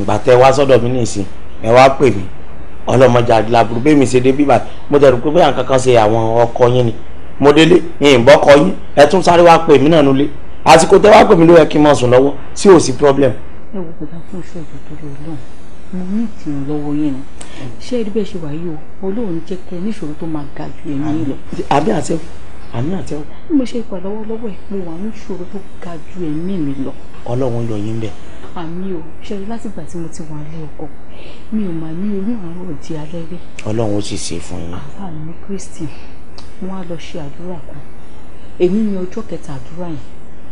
ìgbà tẹ wá sọ́dọ̀ mi ní ìsìn ẹ wá pè mí ọlọ́mọjà làbùrù bẹ́ẹ̀ mi ṣe dé bíbà mo dẹ̀rù pé bóyá kankan ṣe àwọn ọkọ yín ni mo délé yìnyín bọ́ kọ yín ẹ tún sáré wá pè mí náà nulẹ̀ àsìkò tẹ wá pè mí ló yẹ kí n mọ̀ sùn lọ́wọ́ sí òsì problem. ẹ wo bàbá fún iṣẹ́ ìjọ tó lè lọ́hùn mo ní ìtìyàn lọ́wọ́ yín ni ṣé ẹ rí bẹ́ẹ̀ ṣe wà yìí o olóòrùn jẹ́ kẹ́ níṣòro tó máa ga ju èmi lọ. àbí àtẹ́wò àmì àtẹ́wò. bí mo ṣe ìpàdánwò lọ́wọ́ ẹ̀ mo wà níṣòro tó ga ju èmi mi lọ. ọlọ́run yọ yín bẹ́ẹ̀ àmì ò ṣẹlẹ látìgbà tí mo ti wà ní ọkọ mi ò mà ní orí àwọn òdì alẹ́ rí. ọlọ́run ó sì ṣe fún yín. àbá mi kristi wọn á lọ ṣe àdúrà kan èmi ni ọjọ́ kẹta àdúrà yẹn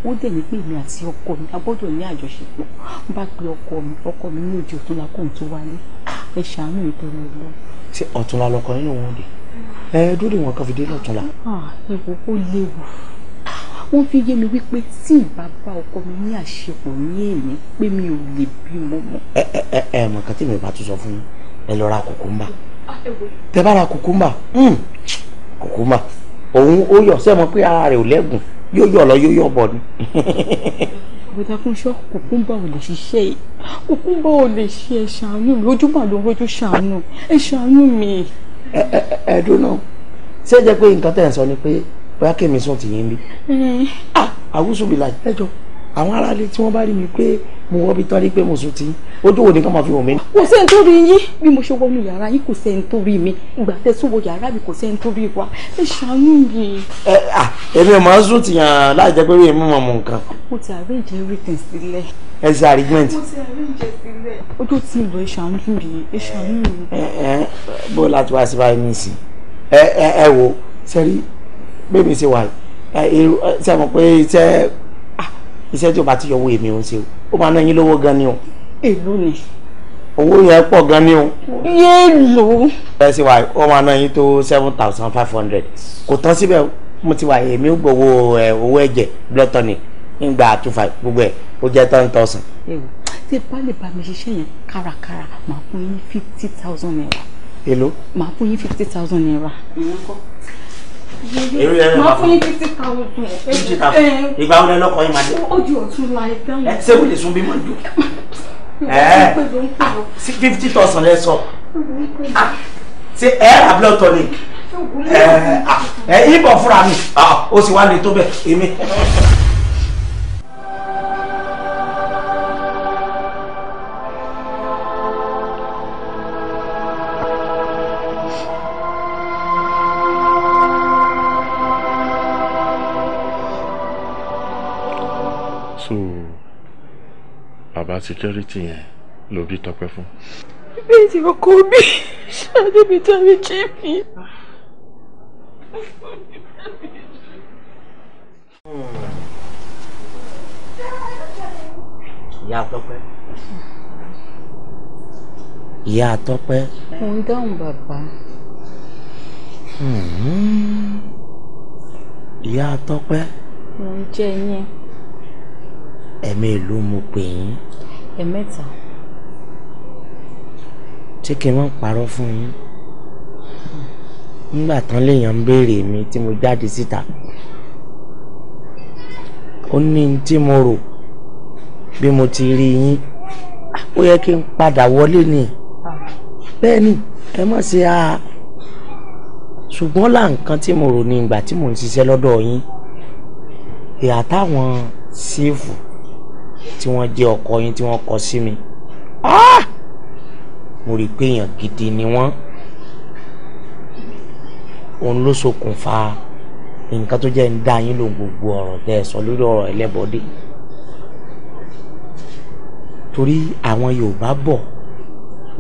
wọ́n dẹ̀ ní pé èmi àti ọkọ mi a gbọ́dọ̀ ní àjọṣepọ̀ n bá pe ọkọ mi ọkọ mi ní òjì ọ̀túnla kóhun tó wálé ẹ ṣàánú mi tó lọ lọ. ṣé ọ̀túnla lọkọ nínú wọn dé ẹ dúró wọn kan fi dé lọ́túnla. Ah, ẹ wo ó léwu wọ́n fi yé mi wípé tí ìbá bá ọkọ mi ní àṣepọ̀ ní èmi pé mi ò lè bímọ mọ́. ẹ ẹ ẹ ẹ mọ̀ nǹkan tí mi bá tún sọ fún yín ẹ lọ ra kùkúmbà ah, tẹ bá ra kùkúmbà hmm, kùkúmbà òun ó yọ sẹ́mọ pé ara rẹ̀ ò lẹ́gùn yóò yọ lọ yóò yọ bọ̀ ni. àbẹ̀dàkúnṣọ́ kùkúmbà ò lè ṣiṣẹ́ kùkúmbà ò lè ṣe ẹ ṣàánú mi ojúmọ̀ ló rojú ṣàánú ẹ ṣàánú mi. ẹ ẹ ẹ dúró náà ṣé ẹ jẹ́ pé nǹkan tẹ̀ ń sọ ni pé bóyá kèmí sùn tì yín lé àwùsùnbí là ẹjọ àwọn aráalé tí wọ́n bá rí mi pé mo wọ́bi tán rí pé mo sùn tí ojú wo ni kán máa fi wọ̀ mí. kò sẹ́ni tó rí yín bí mo ṣe wọnú yàrá yín kò sẹ́ni tó rí mi ìgbà tẹ́sùn wo yàrá mi kò sẹ́ni tó rí wa ẹ ṣàánú mi. ẹ à èmi ò máa ń sùn tìyàn láì jẹ́ pé èmi mọ̀ mọ̀ nǹkan. mo ti arrange everything sílẹ̀. ẹ ṣe arrangement. mo ti arrange sílẹ̀. ojú tí ń lọ ẹ ṣàánú mi ẹ ṣàánú mi. ẹ ẹ bó láti wá sí báyìí ní ìsìn ẹ ẹ bẹ́ẹ̀ mi ṣe wà yìí ṣe mọ̀ pé iṣẹ́ ah, iṣẹ́ tí o bá ti yọ owó èmi ò ń ṣe o máa ná yín lówó gan ni o. èlò ni. owó yẹn pọ̀ gan ni o. yé lò. ẹ ṣe wà yìí o máa ná yín tó seven thousand five hundred kò tán síbẹ̀ mo ti wà èmi ò gbowó owó ẹ̀jẹ̀ blood tonic ngba two five gbogbo ẹ ó jẹ ten thousand. ewu tí bá lè bá mi ṣiṣẹ́ yẹn kárakára máa fún yín fifty thousand naira. èló. máa fún yín fifty thousand naira. ìyẹn kọ́ èrè ẹ̀rọ máa fún yín títí káwọn fún ẹ. títí káwọn ìgbà wọlé lọkọ yín máa dé. ojú ọ̀tún la ẹgbẹ́ wọn. ẹ ṣé wò lè sun bí máa dùn. fifty thousand ẹ sọ ṣe ẹ rà blood tonic ẹ ẹ ibọ̀ fúnra mi ó sì wá lè tó bẹ̀ èmi. so bàbá security yẹn ló bí tọpẹ fún. bẹ́ẹ̀ tí ọkọ mi ṣáájú mi tàbí jí mi. ìyá tọpẹ. ìyá tọpẹ. mo ń dáhùn bàbá. Hmm. ìyá tọpẹ. mo ń jẹ yín ẹ̀mí ìlú mo pè yín. ẹ̀mẹ́ta. tí kì í má parọ́ fún yín nígbà tán léèyàn ń béèrè mi tí mo jáde síta ó ní tí mo rò bí mo ti rí yín ó yẹ kí n padà wọlé ni bẹ́ẹ̀ ni ẹ má ṣe a ṣùgbọ́n là tí mo rò ní ìgbà tí mò ń ṣiṣẹ́ lọ́dọ̀ yín ìyá táwọn ṣéèfù tí wọ́n jẹ́ ọkọ yín tí wọ́n kọ sí mi ah! mo rí i pé èèyàn gidi ni wọ́n òun ló ṣokùnfà nǹkan tó jẹ́ ń dá yín lòun gbogbo ọ̀rọ̀ tẹ́ ẹ sọ lórí ọ̀rọ̀ ẹlẹ́bọ̀dé torí àwọn Yorùbá bọ̀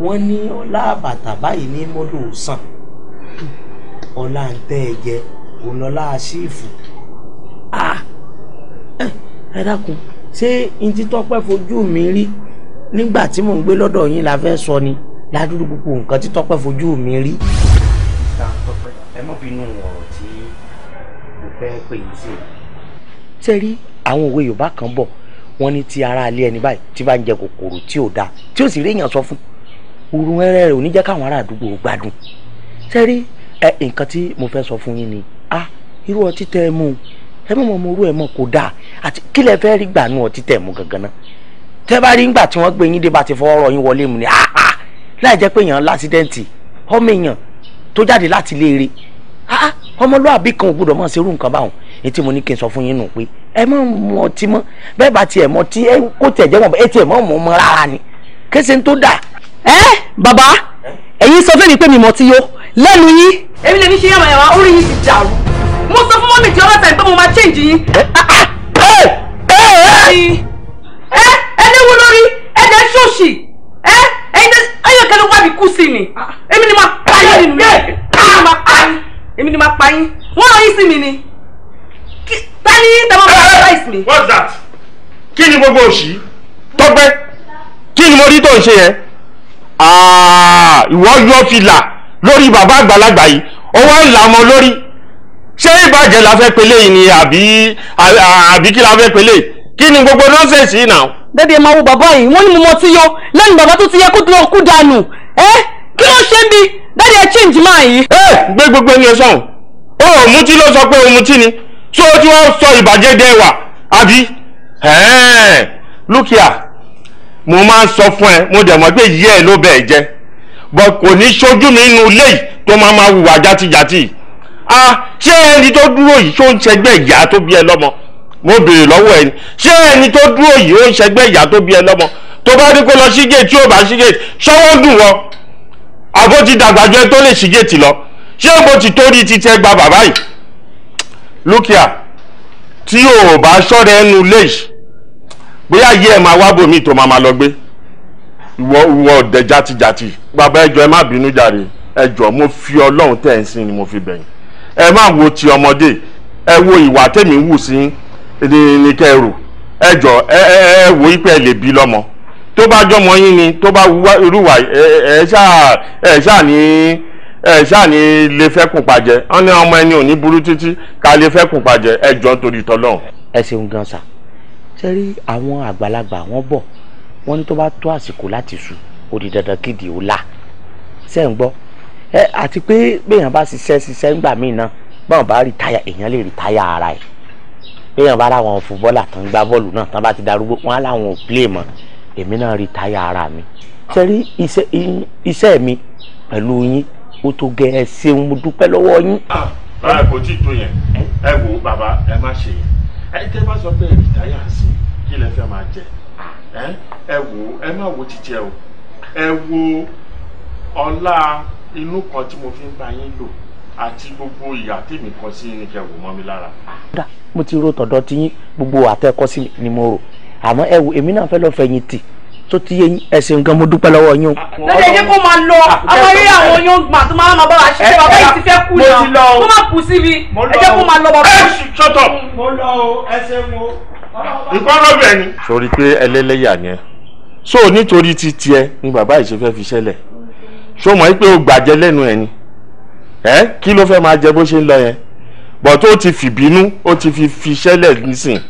wọ́n ní ọlá bàtà báyìí ní mọ́dò sàn ọlá ń tẹ́ ẹ jẹ òun lọ́lá àṣìfù ah! ẹ dákun ṣé n ti tọ́pẹ́ fojú mi rí nígbà tí mò ń gbé lọ́dọ̀ yín la fẹ́ sọ ni ládùúgbò gbogbo nǹkan tí tọ́pẹ́ fojú mi rí. ẹ má bínú ọ̀rọ̀ tí mo fẹ́ pè yín sí. ṣé rí àwọn òwe Yorùbá kan bọ̀ wọ́n ní ti ara alẹ́ ẹni báyìí tí bá ń jẹ kòkòrò tí ò dáa tí ò sì rí èèyàn sọ fún òrùn ẹrẹ rẹ ò ní jẹ́ káwọn ará àdúgbò gbádùn ṣé rí nǹkan tí mo fẹ́ sọ fún yín ni ah irú ọtí tẹ́ ẹ mú un ẹ mọ̀ mọ̀ orú ẹ̀ mọ̀ kò dáa àti kí lẹ fẹ́ rí gbàánú ọtí tẹ̀ mú gangan náà tẹ́ bá rí ńgbà tí wọ́n gbé yín dé bá ti fọwọ́ rọ yín wọlé mu ni àá ah, ah! láì jẹ́ pé èèyàn lásídẹ́ǹtì ọmọ èèyàn tó jáde láti léere àá ah, ọmọlúwàbí kan ò gbọdọ̀ máa ṣerú nǹkan báwọn ní tí mo ní kí n sọ fún yín nù pé ẹ mọ̀ mọ̀ ọtí mọ́ bẹ́ẹ̀ bá tiẹ̀ mọ̀ ọtí kó tiẹ̀ jẹ́ wọn ẹ tiẹ̀ mọ̀ mọ̀ mọ́ rárá ni kése ń tó dà. ẹ bàbá ẹ̀yin sọ fún mo sọ fún mọ́mì tí ọlọ́ tẹ̀ pé mo máa change yín. ẹ ah, ah, ẹléwu lórí ẹdẹ ṣòṣì ẹ ẹyin ayọkẹlẹ wà mí kú sí ni èmi ni máa pa yín nínú mi èmi ni máa pa yín èmi ni ah. yín sí mi ni tani tẹ́ máa bá advice mi. what's that kí ni gbogbo òṣì tọ́pẹ́ kí ni mo rí tó ń ṣe yẹn ìwọ yọ fìlà lórí bàbá àgbàlagbà yìí ọwọ́ ńlá ọmọ lórí ṣé ìbàjẹ́ la fẹ́ pélé yìí ni àbí àbí kí la fẹ́ pélé kí ni gbogbo nọ́ọ̀sẹ̀sì yìí náà. bébí ẹ máa wo bàbá yìí wọ́n ní mo mọ ti yọ lẹ́nu bàbá tó ti yẹ kó tó kú dànù ẹ kí ló ṣe ń bi dáadé ẹ change máa yìí. ẹ gbé gbogbo ẹni sọhùn ó mutí ló sọ pé òmutí ni tí ó ti wọ́n sọ ìbàjẹ́ dẹ wà àbí look here mo máa ń sọ fún ẹ mo dẹ̀ mọ̀ pé yí ẹ ló bẹ̀ jẹ́ bọ̀ kò ní ṣojú mi inú ilé tó máa máa hùwà a ah, ṣé ẹni tó dúró yìí ṣó ń ṣẹgbẹ́ ìyá tó bí ẹ lọ́mọ mo béèrè lọ́wọ́ ẹni ṣé ẹni tó dúró yìí ó ń ṣẹgbẹ́ ìyá tó bí ẹ lọ́mọ tó bá ní kó lọ sí gate tí ò bá sí gate ṣọwọ́ dùn wọ́n àbó ti dàgbà jọ tó lè sí gate lọ ṣé mo ti torí ti tẹ gba bàbá yìí lókìá tí ò bá ṣọ́rẹ́ ẹnu léyìí bóyá yé ẹ̀ máa wá bòmí tó máa máa lọ gbé ìwọ ìwọ ọ̀dẹ̀ jatijati bàbá ẹjọ́ ẹ má bínú jàre ẹjọ́ mo fi ọlọ́run tẹ̀ ẹ́ sí ni mo fi bẹ̀yìn ẹ má wo ti ọmọdé ẹ wo ìwà tèmi wù sí ní kẹrù ẹ jọ ẹ ẹ wo ipe ẹ lè bí lọ́mọ tó bá jọmọ yín ni tó bá wúwá irúwà ẹ ṣáà ẹ ṣáà ní ẹ ṣáà ní lè fẹ́ kùn pàjẹ́ wọn ní ọmọ ẹni ò ní burú títí ká lè fẹ́ kùn pàjẹ́ ẹ jọ nítorí tọ́lọ́run. ẹ ṣeun gan sa ṣe rí àwọn àgbàlagbà wọn bọ̀ wọ́n ní tó bá tó àsìkò láti sùn ó di dandan kéde ó la ṣe ń gbọ́ ẹ àti pé béèyàn bá ṣiṣẹ́ ṣiṣẹ́ ńgbà míì náà báwọn bá rìtáyà èèyàn lè rìtáyà ara ẹ̀ béèyàn bá láwọn fúbọ́ọ̀lù àtàn gbá bọ́ọ̀lù náà tán bá ti darúgbó wọn á láwọn ò play mọ́ èmi náà rìtáyà ara mi ṣe rí iṣẹ́ mi pẹ̀lú yín ó tó gẹ ẹ ṣeun mo dúpẹ́ lọ́wọ́ yín. báyà ah, kò tí ì tó yẹn ẹ wo bàbá ẹ má ṣe yẹn ẹ tẹ́ bá sọ pé rìtáyà sí kí o ẹ wo ọlá inú kan tí mo fi ń bá yín lò àti gbogbo ìyà tèmi kan sí ní kẹwò mọ́ mi lára. kódà mo ti ro tọ̀dọ̀ tí yín gbogbo àtẹ́kọ́ sí ni mo rò àmọ́ ẹ wo èmi náà fẹ́ lọ fẹ̀yìn tì tó ti yé ẹ ṣeun gan mo dúpẹ́ lọ́wọ́ yín o. lẹ́yìn jẹ́ kó máa lọ ah, àwọn eré àwọn yóò gbà tó máa ma bá wa ṣiṣẹ́ bàbá yìí ti fẹ́ kú náà kó má kú síbi ẹ jẹ́ kó máa lọ bàbá. ẹ ṣọtọ. mo lọ o ẹ ṣeun o. nǹkan lọ́bẹ̀ ni. sori pé ẹlẹ́lẹ́yà ni so nítorí ti tiẹ ni bàbá yìí ṣe fẹ́ fi ṣẹlẹ̀ ṣó mọ̀ pé o gbàjẹ́ lẹ́nu ẹ̀ ni ẹ́ kí ló fẹ́ máa jẹ bó ṣe ń lọ yẹn but ó ti fìbínú ó ti fi fi ṣẹlẹ̀ nísìn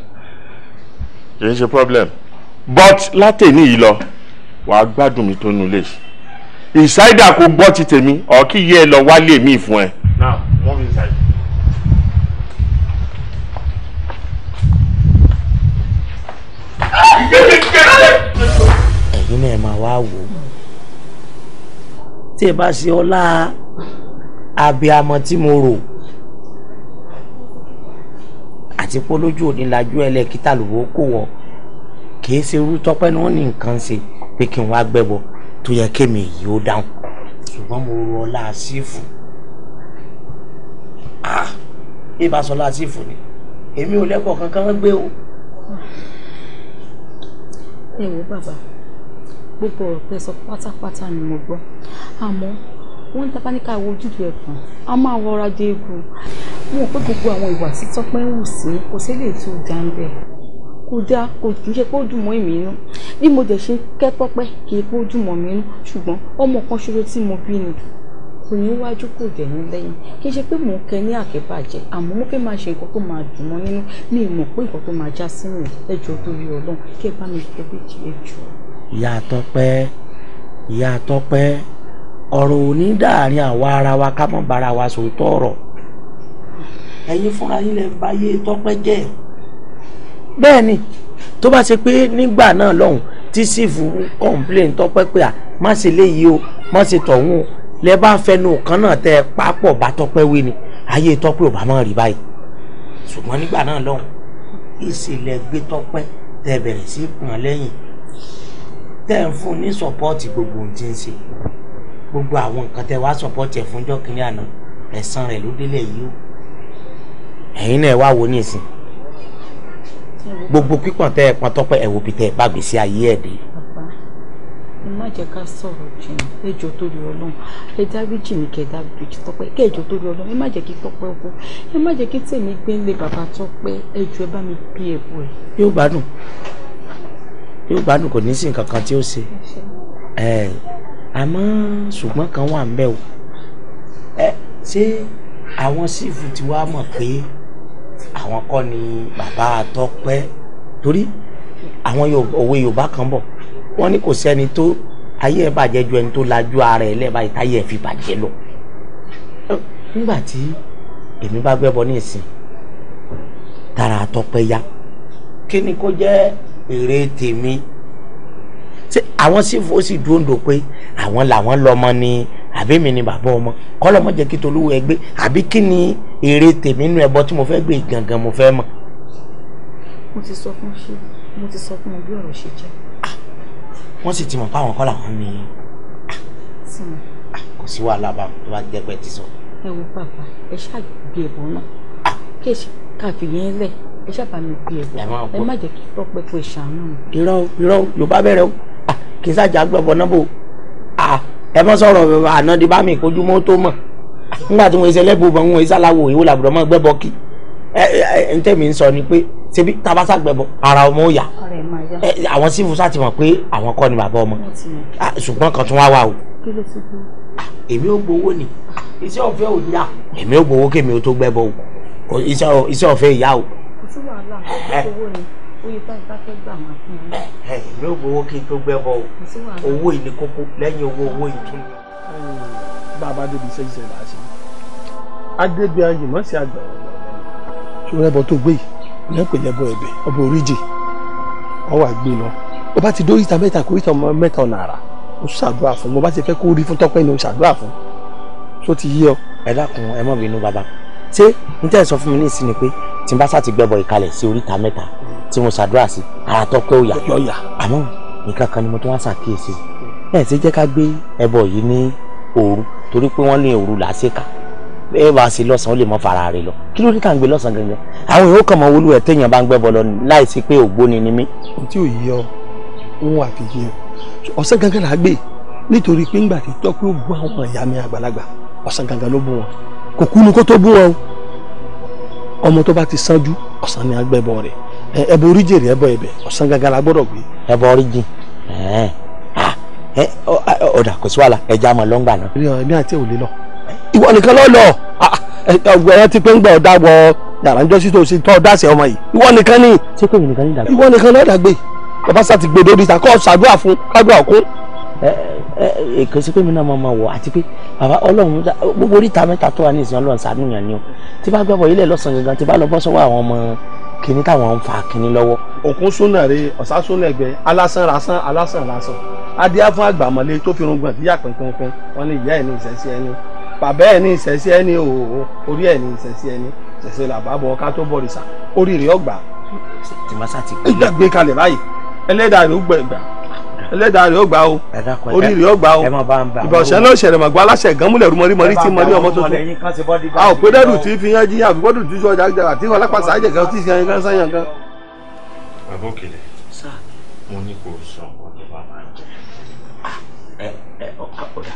kì í ṣe problem but látẹ̀ní yìí lọ wàá gbádùn mi tó nulẹ̀ ìsáídà kò gbọ́ ti tèmi ọ̀ yẹ lọ wálé mi fún ẹ. inside. ẹ̀yin náà máa wá wò ó tí ẹ bá ṣe ọlá abiyamọ tí mo rò àti polójú òní lajú ẹlẹ́kìtà lòwó kò wọ kìí ṣe irú tọpẹ́ ni wọ́n ní nǹkan ṣe pé kí n wá gbẹ́bọ tó yẹ kémi yìí ó dáhùn ṣùgbọ́n mo rò ọlá sífù ah ibà sọ ọlá sífù ni èmi ò lẹ́kọ̀ọ́ kankan gbé o. ẹ wo bàbá gbogbo ọ̀rọ̀ pẹ́ sọ pátápátá ni mo gbọ́ àmọ́ wọ́n ń tapá ní ká wo ojúde ẹ̀kún a máa wọra dé egun wọn ò pé gbogbo àwọn ìwà tí Tọ́pẹ́ ń wù sí kò sí lè tó dá ń bẹ̀ kò dáa kò kì í ṣe pé ó dùn mọ́ èmi inú bí mo dẹ̀ ṣe ń kẹ́ Tọ́pẹ́ kì í pé ó dùn mọ́ mi inú ṣùgbọ́n ọmọ kan ṣoṣo tí mo bí ni kò ní wájú kò dẹ̀ ní lẹ́yìn kì í ṣe pé mò ń kẹ ní àkẹ́bàjẹ́ àmọ́ mo fẹ́ máa ṣe nǹkan tó máa dùn mọ́ nínú ní ìmọ̀ pé nǹkan tó máa já sínú ẹjọ́ torí Ọlọ́run kí ẹ bá mi fi ẹbí ẹjọ́ ìyá Tọ́pẹ́ ìyá Tọ́pẹ́ ọ̀rọ̀ òní dàárín àwa ara wa ká mọ́ bára wa sòótọ́ ọ̀rọ̀ ẹ̀yin fúnra yín lẹ báyé Tọ́pẹ́ jẹ́ bẹ́ẹ̀ ni tó bá ṣe pé nígbà náà lọ́hùn tí sífù kọ̀ǹpléǹ Tọ́pẹ́ pé à má ṣe léyìí o má ṣe tọ̀hún o lẹ bá fẹnu kan náà tẹ pápọ̀ bá Tọ́pẹ́ wé ni ayé Tọ́pẹ́ ò bá mọ̀ rí báyìí ṣùgbọ́n nígbà náà lọ́hùn ìṣẹ̀lẹ̀ gbé Tọ́pẹ́ tẹ bẹ̀rẹ̀ sí pọ̀n lẹ́yìn tẹ́ ń fún ní sọ́pọ́ọ̀tì gbogbo ohun tí ń ṣe gbogbo àwọn nǹkan tẹ́ wá sọ́pọ́ọ̀tì ẹ̀ fúnjọ́ kínní àná ẹ̀san rẹ̀ ló délẹ̀ yìí o ẹ̀yin náà wá wo ní ìsìn gbogbo pípọ̀n tẹ́ ẹ pọn tọ́pẹ́ ẹ̀wò bí tẹ́ ẹ bá gbèsè ayé ẹ̀ dé. bàbá ẹ má jẹ́ ká sọ̀rọ̀ jìn ẹjọ́ torí ọlọ́run ẹ dáríjì mí kẹ́ dáríjì tọ́pẹ́ kẹ́ ẹjọ́ torí ọlọ́run ẹ má jẹ́ kí tọ́pẹ́ kú ẹ má jẹ́ kí tèmi gbé lé bàbá tọ́pẹ́ ẹjọ́ ẹ bá mi bí ẹ̀bù yóò gbádùn yóò gbádùn kò ní sí nǹkan kan tí ó ṣe àmọ́ ṣùgbọ́n kan wà ń bẹ̀ o ẹ ṣé àwọn sífù ti wá mọ̀ pé àwọn kọ́ ni bàbá Tọ́pẹ́ torí àwọn òwe Yorùbá kan bọ̀ wọ́n ní kò sẹ́ni tó ayé ẹ̀ bàjẹ́ ju ẹni tó lajú ara ẹ̀ lẹ́ẹ̀bá ìtayé ẹ̀ fi bàjẹ́ lọ nígbà tí èmi bá gbẹ́bọ ní ìsìn tára Tọ́pẹ́ yá kí ni kó jẹ́ èrè tèmi ṣé àwọn sífò sì dúró ń dò pé àwọn làwọn lọmọ ni àbẹ́mi ni bàbá ọmọ kọ́lọ́mọ jẹ́ kí tolúwo ẹ gbé àbí kí ni èrè tèmi nínú ẹbọ tí mo fẹ́ gbé gangan mo fẹ́ mọ̀. mo ti sọ fún ṣe mo ti sọ fún mi bí ọ̀rọ̀ ṣe jẹ́. Ah, wọ́n sì ti mọ̀ pé àwọn kọ́ làwọn ni ah, kò sí wàhálà bá tó bá jẹ́ pé ti sọ. ẹ wo bàbá ẹ ṣáà gbé ẹbọ náà ah. kí ẹ ṣe káfíyẹn lẹ̀ ẹ ṣàbà mi bí e ẹwọ ẹ má jẹ́ kí tọpẹ kó ìṣàánú mi. irọ́ irọ́ yorùbá bẹ̀rẹ̀ o kì í ṣàjà gbọ̀bọ̀ náà bò ẹ mọ sọ̀rọ̀ àná di bá mi kojú mọ́ tó mọ̀ nígbà tí wọ́n ṣe lẹ́bùn bọ̀ wọ́n ṣe aláwọ̀ èwo làbùrọ̀ mọ́ gbẹ́bọ kí ẹ ẹ ń tẹ̀mí ń sọ ni pé ṣebí tabasa gbẹ́bọ ara ọmọ ó yà àwọn sífù sáti mọ̀ pé àwọn kọ́ ni bàbá ọmọ ṣùgbọ́n kan tún wá wà o èmi ò gbowó ni iṣẹ́ ọ̀fẹ́ ò yá èmi ò gbowó kémi ò tó gbẹ́bọ o iṣẹ́ ọ̀fẹ́ ìyá o sí wàhálà owó ni oye tá tó gbẹ́bọ̀ o owó yìí ni kókó lẹ́yìn owó owó yìí tún. Hmm, bàbá débi iṣẹ́ iṣẹ́ là á ṣe adébí ayé mọ̀ sí àgbà ọ̀rọ̀ ṣòro ẹbọ tó gbé yìí lẹ́pẹ̀ lẹ́bọ ẹ̀bẹ̀ ọbẹ̀ oríjì wọ́n wà gbé lọ ó bá ti dó ìta mẹ́ta kó ìta ọmọ mẹ́ta ọ̀nà àrà ó ṣàdúrà fún mo bá ti fẹ́ kó rí fún tọ́pẹ́ ni ó ṣàdúrà fún tó ti tí n bá sá ti gbẹ́bọ̀ ìkalẹ̀ sí oríta mẹ́ta tí mo ṣàdúrà sí ara tọ́pẹ́ òyà àmọ́ nǹkan kan ni mo tún wá ṣàkíyèsí ẹ̀ ṣe jẹ́ ká gbé ẹbọ yìí ní òru torí pé wọ́n lè òru làásìkà ẹ bá ṣe lọ́sàn ó lè mọ fara rẹ lọ kí ló ní ká ń gbé lọ́sàn gangan àwọn èèyàn kàn mọ wọlé ẹ téèyàn bá ń gbẹ́bọ lọ láìsí pé ògbóni ni mí. ohun tí ò yí ọ ohun àfìyí ọ ọ̀sán gangan là á gbé nítorí pé ńgbà tí tọ́pẹ́ ó bú àwọn ìyá ọmọ tó bá ti sanjú ọ̀sán ni agbẹ́bọ rẹ̀ ẹbọ oríjèrè ẹbọ ẹbẹ ọ̀sán gangan la gbọ́dọ̀ gbé. ẹbọ oríjì ah, ọ̀dà kò sí wàhálà ẹja mọ̀ lọ́ngbà náà. èmi àti ẹ̀ ò lè lọ. ìwọ nìkan ló lọ ọgbẹ ah, ẹ ti pé ń gbà ọ̀dà wọ yàrá ń jọ́sí tó ṣe tọ́ ọ̀dà àṣẹ ọmọ yìí ìwọ nìkan ni ìwọ nìkan ló dàgbé bàbá ti gbèdó dìtà kọ́ ṣàdúrà fún kádùá ọ̀kún èkó sí pé mi náà máa ma wọ̀ àti pé bàbá ọlọ́run gbogbo oríta mẹ́ta tó wà ní ìsìn ọlọ́run ṣàánú yàn ni o tí bá gbàgbọ́ ilé lọ́sàn-án gangan tí bá lọ bọ́ sọ́wọ́ àwọn ọmọ kìnní táwọn ń fa kìnní lọ́wọ́. òkun súnà rè ọ̀sá súnà ẹgbẹ́ alásán lásán alásán lásán adíá fún àgbàmọ́lé tó fi rún gbọ̀n bíyà pínpínpín wọn ní ìyá ẹ̀ ní ìṣẹ́sí ẹni bàbá ẹ̀ ní ìṣẹ́sí ẹni òòrùn orí ẹ̀ ní ìṣẹ́sí ẹni ṣẹ̀ṣẹ̀ làbábọ̀ ká tó bọ̀ rìṣà oríire ọgbà. tìmọ́sá ti gbé kalẹ̀ báyìí ẹlẹ́dàá rẹ̀ ó gbẹ̀gbà ẹlẹ́dàá rẹ̀ ó gbà o orí rẹ̀ ó gbà o ìbọ̀sẹ̀ náà ṣẹlẹ̀ mọ̀gbọ́ aláṣẹ gan múlẹ̀ rúmọ́rí mọ́rí tí mọ́rí ọmọ tuntun a ò pé dẹ́rù tí fi yan jíyàn àbíkọ́dù tí sọ ọjà àti ọlọ́pàá àjẹ kan tí yan kan sáyàn kan. abókèlè mo ní kó sọ ọmọ tó bá máa jẹ. ẹ ẹ ọkà kọdà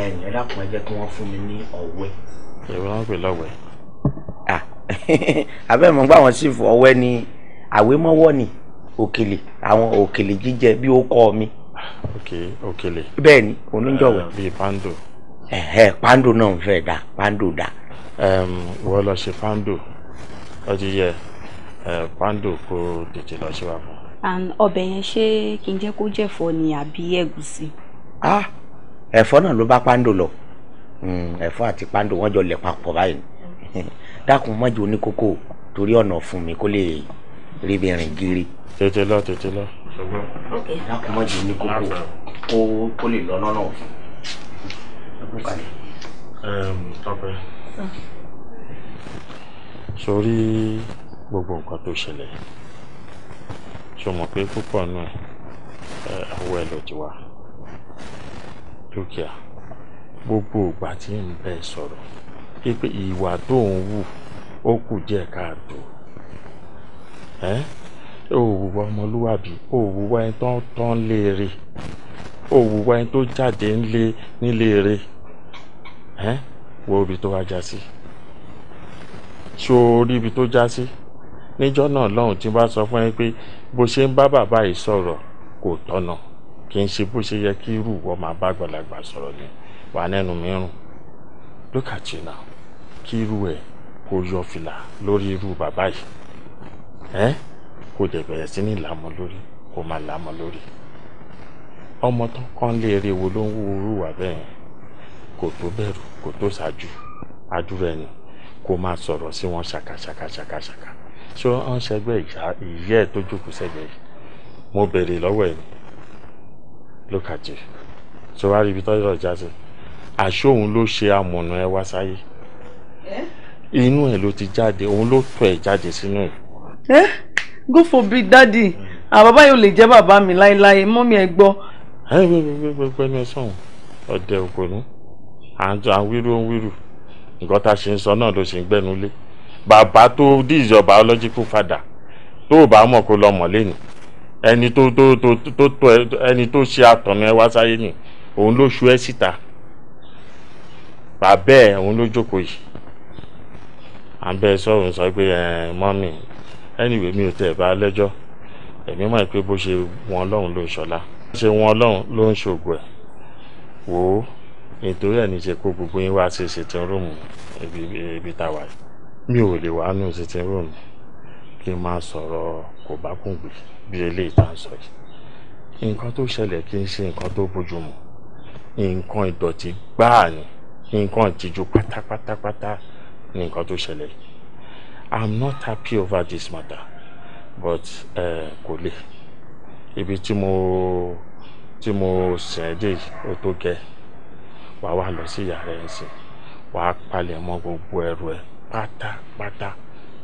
ẹyìn ẹ dákun ẹ jẹ kí wọn fún mi ní ọwẹ. ìwé wọn pè lọwẹ. abẹ́ẹ̀ mọ̀ gbà wọn sí ọwẹ́ ni àwémọ́wọ́ ni òkèlè àwọn òkèlè jíjẹ bí ó kọ́ mi. ok òkèlè. bẹ́ẹ̀ ni oníjọ̀wẹ́. Eh, bíi pando. ẹ̀hẹ́ pando náà ń fẹ́ da pando da. wọ́n lọ ṣe pando ọdún yẹ pando kó tètè lọ ṣe wà fún. ọbẹ̀ yẹn ṣé kí n jẹ́ kó jẹ̀fọ́ ni àbí ẹ̀gúsí. ah ẹ̀fọ́ náà ló bá pando lọ hmm, ẹ̀fọ́ àti pando wọ́n jọ lẹ̀ papọ̀ báyìí dákun mọ́jú oníkókó torí ọ̀nà fún mi kó lè rí bí ẹ̀rìn gírí. tètè lọ lọ. ok dákun mọ́ jù ní kókó kó gbogbo nǹkan tó ṣẹlẹ̀ ṣe mọ̀ pé púpọ̀ nù ti gbogbo ìgbà tí ń bẹ sọ̀rọ̀ pé ẹ́ o wùwà ọmọlúwàbí o wùwà ẹni tó ń tán léèrè o wùwà ẹni tó jáde ńlé níléèrè ẹ́ wo ibi tó wá já sí ṣó o rí ibi tó já sí níjọ́ náà lọ́hùn tí n bá sọ fún ẹ pé bó ṣe ń bá bàbá yìí sọ̀rọ̀ kò tọ́nà kì í ṣe bó ṣe yẹ kí irú ìwọ máa bá àgbàlagbà sọ̀rọ̀ ni wà nẹ́nu mìíràn look at you now kí irú ẹ̀ kò yọ fìlà lórí irú bàbá yìí ẹ́ kò dẹ̀ bẹ̀rẹ̀ sí ní làmọ́ lórí kò máa làmọ́ lórí ọmọ tó kán lé eré wo ló ń wú irú wà bẹ́ẹ̀ kò tó bẹ̀rù kò tó ṣáájú adúrà ẹni kó máa sọ̀rọ̀ sí wọn ṣàkàṣàkàṣàkàṣàkà ṣé wọ́n ń ṣẹgbẹ́ ìyá ẹ̀ tó jókòó sẹ́gbẹ́ yìí mo béèrè lọ́wọ́ ẹ̀ ló kàjẹ́ ṣé wàá rí ibi tọ́jú ọ̀já sí àṣé òun ló ṣe amọ̀nà ẹ wá sáyé inú ẹ̀ ló ti jáde òun ló tọ́ ẹ̀ jáde sínú ẹ̀ Eh? go for big daddy àbàbá yóò lè jẹ́ bàbá mi láéláé mọ́mí ẹ gbọ́. ẹ gbẹgbẹgbẹ ní ẹsán ọdẹ òpònú à ń wíru ó ń wíru nǹkan tá a ṣe ń sọ náà ló ṣe ń gbẹnu lé bàbá tó this your biological father tó o bá mọ̀ kó lọ mọ̀ lẹ́nu ẹni tó tó tó tó tó ẹni tó ṣe àtọ̀nà ẹ wá sáyé ni òun ló ṣu ẹ síta bàbá ẹ òun ló jókòó yìí à ń bẹ sọ̀rọ̀ sọ pé ẹ mọ́mì anyway mi ò tẹ̀ bá lẹ́jọ́ èmi mọ̀ pé bó ṣe wọn ọlọ́run ló ń ṣọlá ṣe wọn ọlọ́run ló ń ṣògùn ẹ̀ wò ó nítorí ẹ̀ ní ṣe kó gbogbo yín wá sí sitting room ibi tá a wà yìí mi ò lè wá nù sitting room kí n máa sọ̀rọ̀ kò bá kùn bí eléyìí tá à sọ yìí nǹkan tó ṣẹlẹ̀ kì í ṣe nǹkan tó bójú mu nǹkan ìdọ̀tí gbáà ni nǹkan ìtìjú pátápátápátá ni nǹkan tó ṣẹlẹ̀ yìí i'm not happy over this matter but eh, kò le ibi tí mo tí mo sìn ẹ́ dé yìí ó tó gẹ́ wà wá lọ sí yàrá ẹ̀ sìn wà á palẹ̀ mọ́ gbogbo ẹrù ẹ̀ pátápátá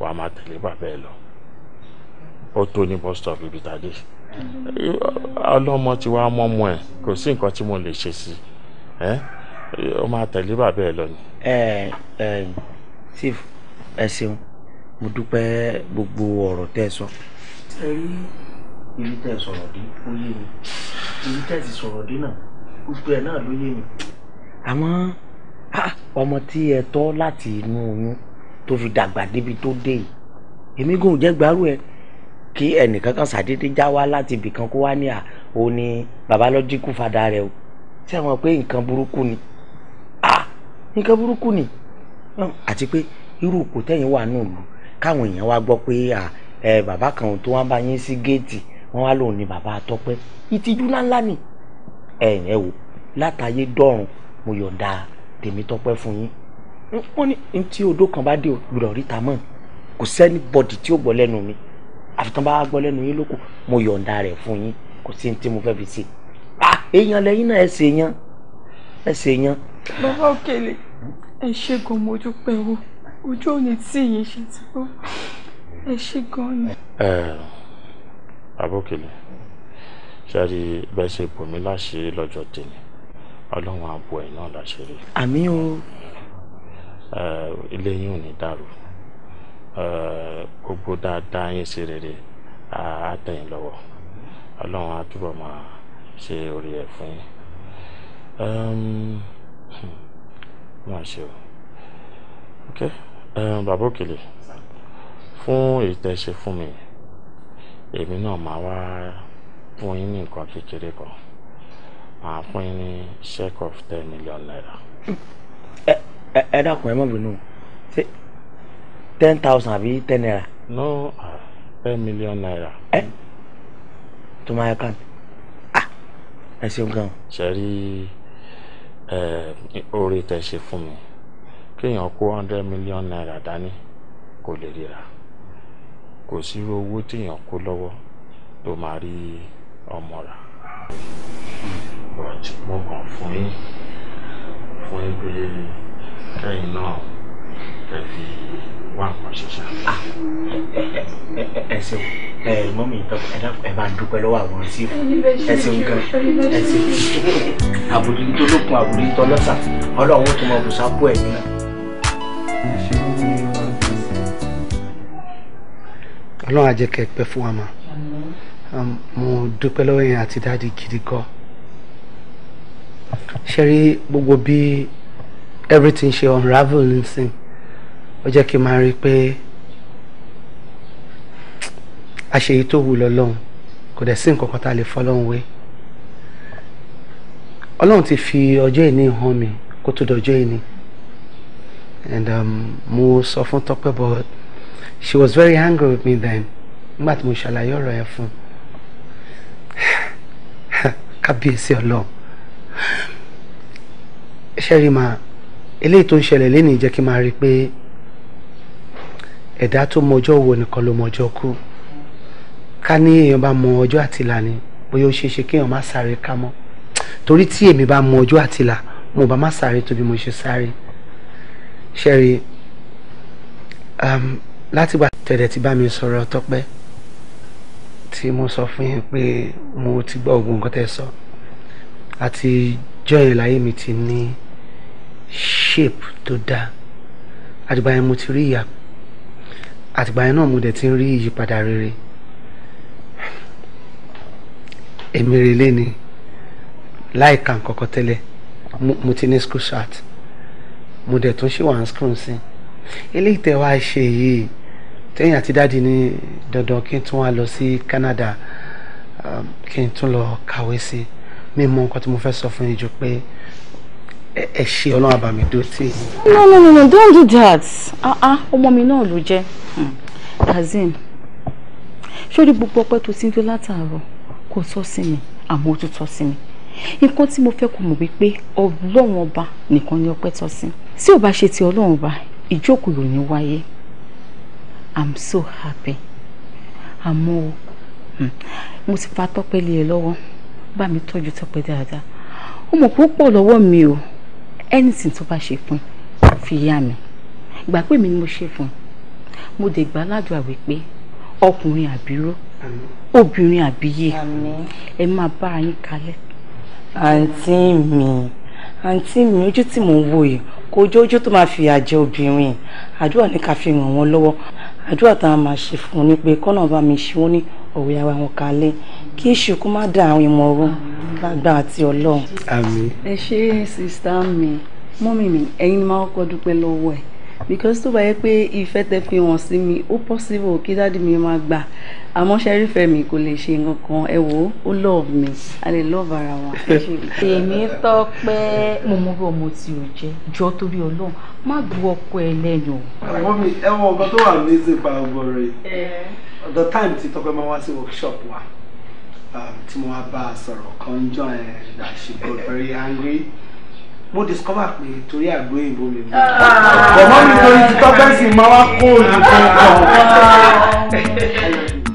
wà á máa tẹ̀lé bàbá ẹ lọ ó tó ní bus stop ibi tàdé ọlọ́mọ tí wàá mọ́mọ́ ẹ̀ kò sí nǹkan tí mo lè ṣe sí ẹ́ ó máa tẹ̀lé bàbá ẹ lọ ni. ẹ eh, ẹ eh, chief ẹ ṣeun mo dúpẹ́ gbogbo ọ̀rọ̀ tẹ́ ẹ sọ. ẹ rí ibi tẹ́ ẹ sọ̀rọ̀ dé ó yé mi ibi tẹ́ ẹ sì sọ̀rọ̀ dé náà gbogbo ẹ̀ náà ló yé mi. àmọ́ ọmọ tí ẹ tọ́ láti inú oyún tó fi dàgbà débi tó dé yìí èmi gùn jẹ́ gbárù ẹ̀ kí ẹnìkan kan ṣàdédé já wá láti ibìkan kó wá ní à ó ní babalọ́jíkù fada rẹ o ṣé àwọn pé nǹkan burúkú ni ah nǹkan burúkú ni àti pé irú òkú tẹ̀yìn wà nù lù káwọn èèyàn wá gbọ́ pé ẹ bàbá kan tó wá bá yín sí géètì wọ́n wá lòun ni bàbá Tọ́pẹ́ ìtìjú ńláńlá ni ẹ ẹ wò látàyé dọ̀run mo yọ̀ǹda Tèmítọ́pẹ́ fún yín wọ́n ní tí odó kan bá dé o gbọ́dọ̀ ríta mọ́ kò sẹ́ni bọ́dì tí ó gbọ́ lẹ́nu mi àfitán bá gbọ́ lẹ́nu yín lóko mo yọ̀ǹda rẹ̀ fún yín kò sí ní mo fẹ́ fi ṣe èèyàn lẹ́yìn náà ẹ ṣe yan ẹ ṣe yan. bàbá òkèlè ẹ ṣe gan mojú ojú òní tí yìí ṣe ti gbọ́ ẹ ṣe gan ni. abókèlè ṣáàrí bẹ́ẹ̀ ṣe bòmí láṣìírí lọ́jọ́ tèmi ọlọ́run àbọ̀ ẹ̀ náà láṣìírí. àmì o. ilé yín ò ní dàrú gbogbo dáadáa yín sí rere àtẹ̀yìn lọ́wọ́ ọlọ́run á túbọ̀ máa ṣe orí ẹ̀ fún yín. Hmm, máa ṣe o okay bàbá òkèlè fún èyí tẹ́ ṣe fún mi èmi náà máa wá fún yín ní nǹkan kékeré kan máa fún yín ní check of ten million naira. ẹ ẹ dákun ẹ má bínú ṣe ten thousand àbí ten naira. no ten million naira. ẹ tó máa yẹ kàn ah ẹ ṣeun gan. ṣe rí oore tẹ́ ṣe fún mi kéèyàn kó hundred million naira dání kò lè ríra kò sírú owó téèyàn kó lọ́wọ́ tó máa rí ọmọ rà but mo kàn fún yín fún yín pé kẹ́yìn náà kẹ́ fi wá nǹkan ṣiṣẹ́. Ah, ẹ ṣeun ẹ mọ́mí ẹ bá dúpẹ́ lọ́wọ́ àwọn sí ẹ ṣeun gan ẹ ṣeun àbòdì tó lókun àbòdì tó lọ́sà ọlọ́run tó mọ bùsà bú ẹ̀yìn náà. ọlọ́run á jẹ́ kẹ́ pẹ́ fún wa mà um, mo dúpẹ́ lọ́wọ́ yẹn àti dáàdi gidi gan ṣe rí gbogbo bí everything ṣe unravel nísìn ó jẹ́ kí n máa rí i pé àṣeyí tó wù lọ́lọ́run kò dẹ̀ sí nǹkan kan tá a lè fọlọ́run wé ọlọ́run ti fi ọjọ́ ìní hàn mi kó tó dọjọ́ ìní and um, mo sọ fún Tọ́pẹ́ but she was very angry with me then nígbà tí mo ṣàlàyé ọ̀rọ̀ ẹ fún kábíyèsí ọlọ́run ṣẹ́rí máa eléyìí tó ń ṣẹlẹ̀ lénìí jẹ́ kí n máa rí i pé ẹ̀dá tó mọjọ́ wo nìkan ló mọjọ́ kú ká ní èèyàn bá mọ ọjọ́ àtìlà ni bóyá ó ṣeé ṣe kéèyàn má sáré ká mọ́ torí tí èmi bá mọ ọjọ́ àtìlà mo bá má sáré tó mo ṣe sáré ṣẹ́rí um, látìgbà tẹ̀dẹ̀ ti bá mi sọ̀rọ̀ tọ́pẹ́ tí mo sọ fún yín pé mo ti gbọ́ ogun nǹkan tẹ́ sọ àti jọyìn láyé mi ti ní shape tó dáa àtìgbà yẹn mo ti rí ìyá àtìgbà yẹn náà mo dẹ̀ ti ń rí ìyípadà rere èmi relé ni láìka nǹkan kan tẹ́lẹ̀ mo ti ní school shirt mo dẹ̀ tún ṣì wà ní sí eléyìí tẹ́ wá ṣe yìí tẹ́yìn àti dáàdi ní dandan kí n tún wá lọ sí Canada um, kí n tún lọ kàwé sí mi mọ nǹkan tí mo fẹ́ sọ fún yín jù pé ẹ ṣe ọlọ́run àbàmì dó tì. no no no no don't do that ah, ah, ọmọ mi náà ló jẹ́ hmm. kazeem sórí gbogbo ọpẹ́ tó ti ń jó látàárọ̀ kò tọ́ sí mi àmọ́ ó tún tọ́ sí mi nǹkan tí mo fẹ́ kó mọ̀ wípé ọlọ́run ọba nìkan ni ọpẹ́ tọ́ sí tí ò bá ṣe ti ọlọ́run ọba ìjókòó yòó ní wáyé i'm so happy àmọ́ o hmm, mo ti fa tọ́pẹ́ lé e lọ́wọ́ bá mi tọ́jú tọ́pẹ́ dáadáa ó mọ̀ púpọ̀ lọ́wọ́ mi o anything tó bá ṣe fún fi yá mi gbà pé mi ni mo ṣe fún mo dẹ̀ gbà ládùúgbà wípé ọkùnrin àbíró obìnrin àbíyè ẹ máa bá yín kalẹ̀. àǹtí mi àǹtí mi ojú tí mò ń wò yìí kò jẹ́ ojú tó máa fìyà jẹ obìnrin àdúrà ní ká fi ràn wọ́n lọ́wọ́ àdúrà tá a máa ṣe fún un ni pé kọ́nà bá mi ṣe wọ́n ní òwe ara wọn kalẹ̀ kí èṣù kó má dá àwọn ìmọ̀ ọ̀rọ̀ lágbára àti ọlọ́run. àmín. ẹ ṣe sista mi mọ́mì mi ẹ̀yin ni máa kọ́ dúpẹ́ lọ́wọ́ ẹ̀ because tó bá yẹ pé ìfẹ́ tẹ fi hàn sí mi ó possible kí dáàdi mi máa gbà àmọ́ ṣẹ́rífẹ́ mi kò lè ṣe nǹkan kan ẹ wò ó love me a lè love ara wa. èmi tọ́pẹ́ mo mọ bí ọmọ tí o jẹ jọ torí Ọlọ́run má bu ọkọ ẹ lẹ́nu. ẹ̀wọ̀n mi ẹ̀wọ̀n ọkọ tó wà ní ìsìnkà ọgbọ̀n rẹ̀ the time tí tọ́pẹ́ máa wá sí workshop wa um, tí mo wá bá a sọ̀rọ̀ kan jọ ẹ̀ that she got very angry mo discover pé torí àgbo ìbò mi mọ ọmọ ah. mi torí tọ́pẹ́ sì máa wá kó olùkọ́ kan.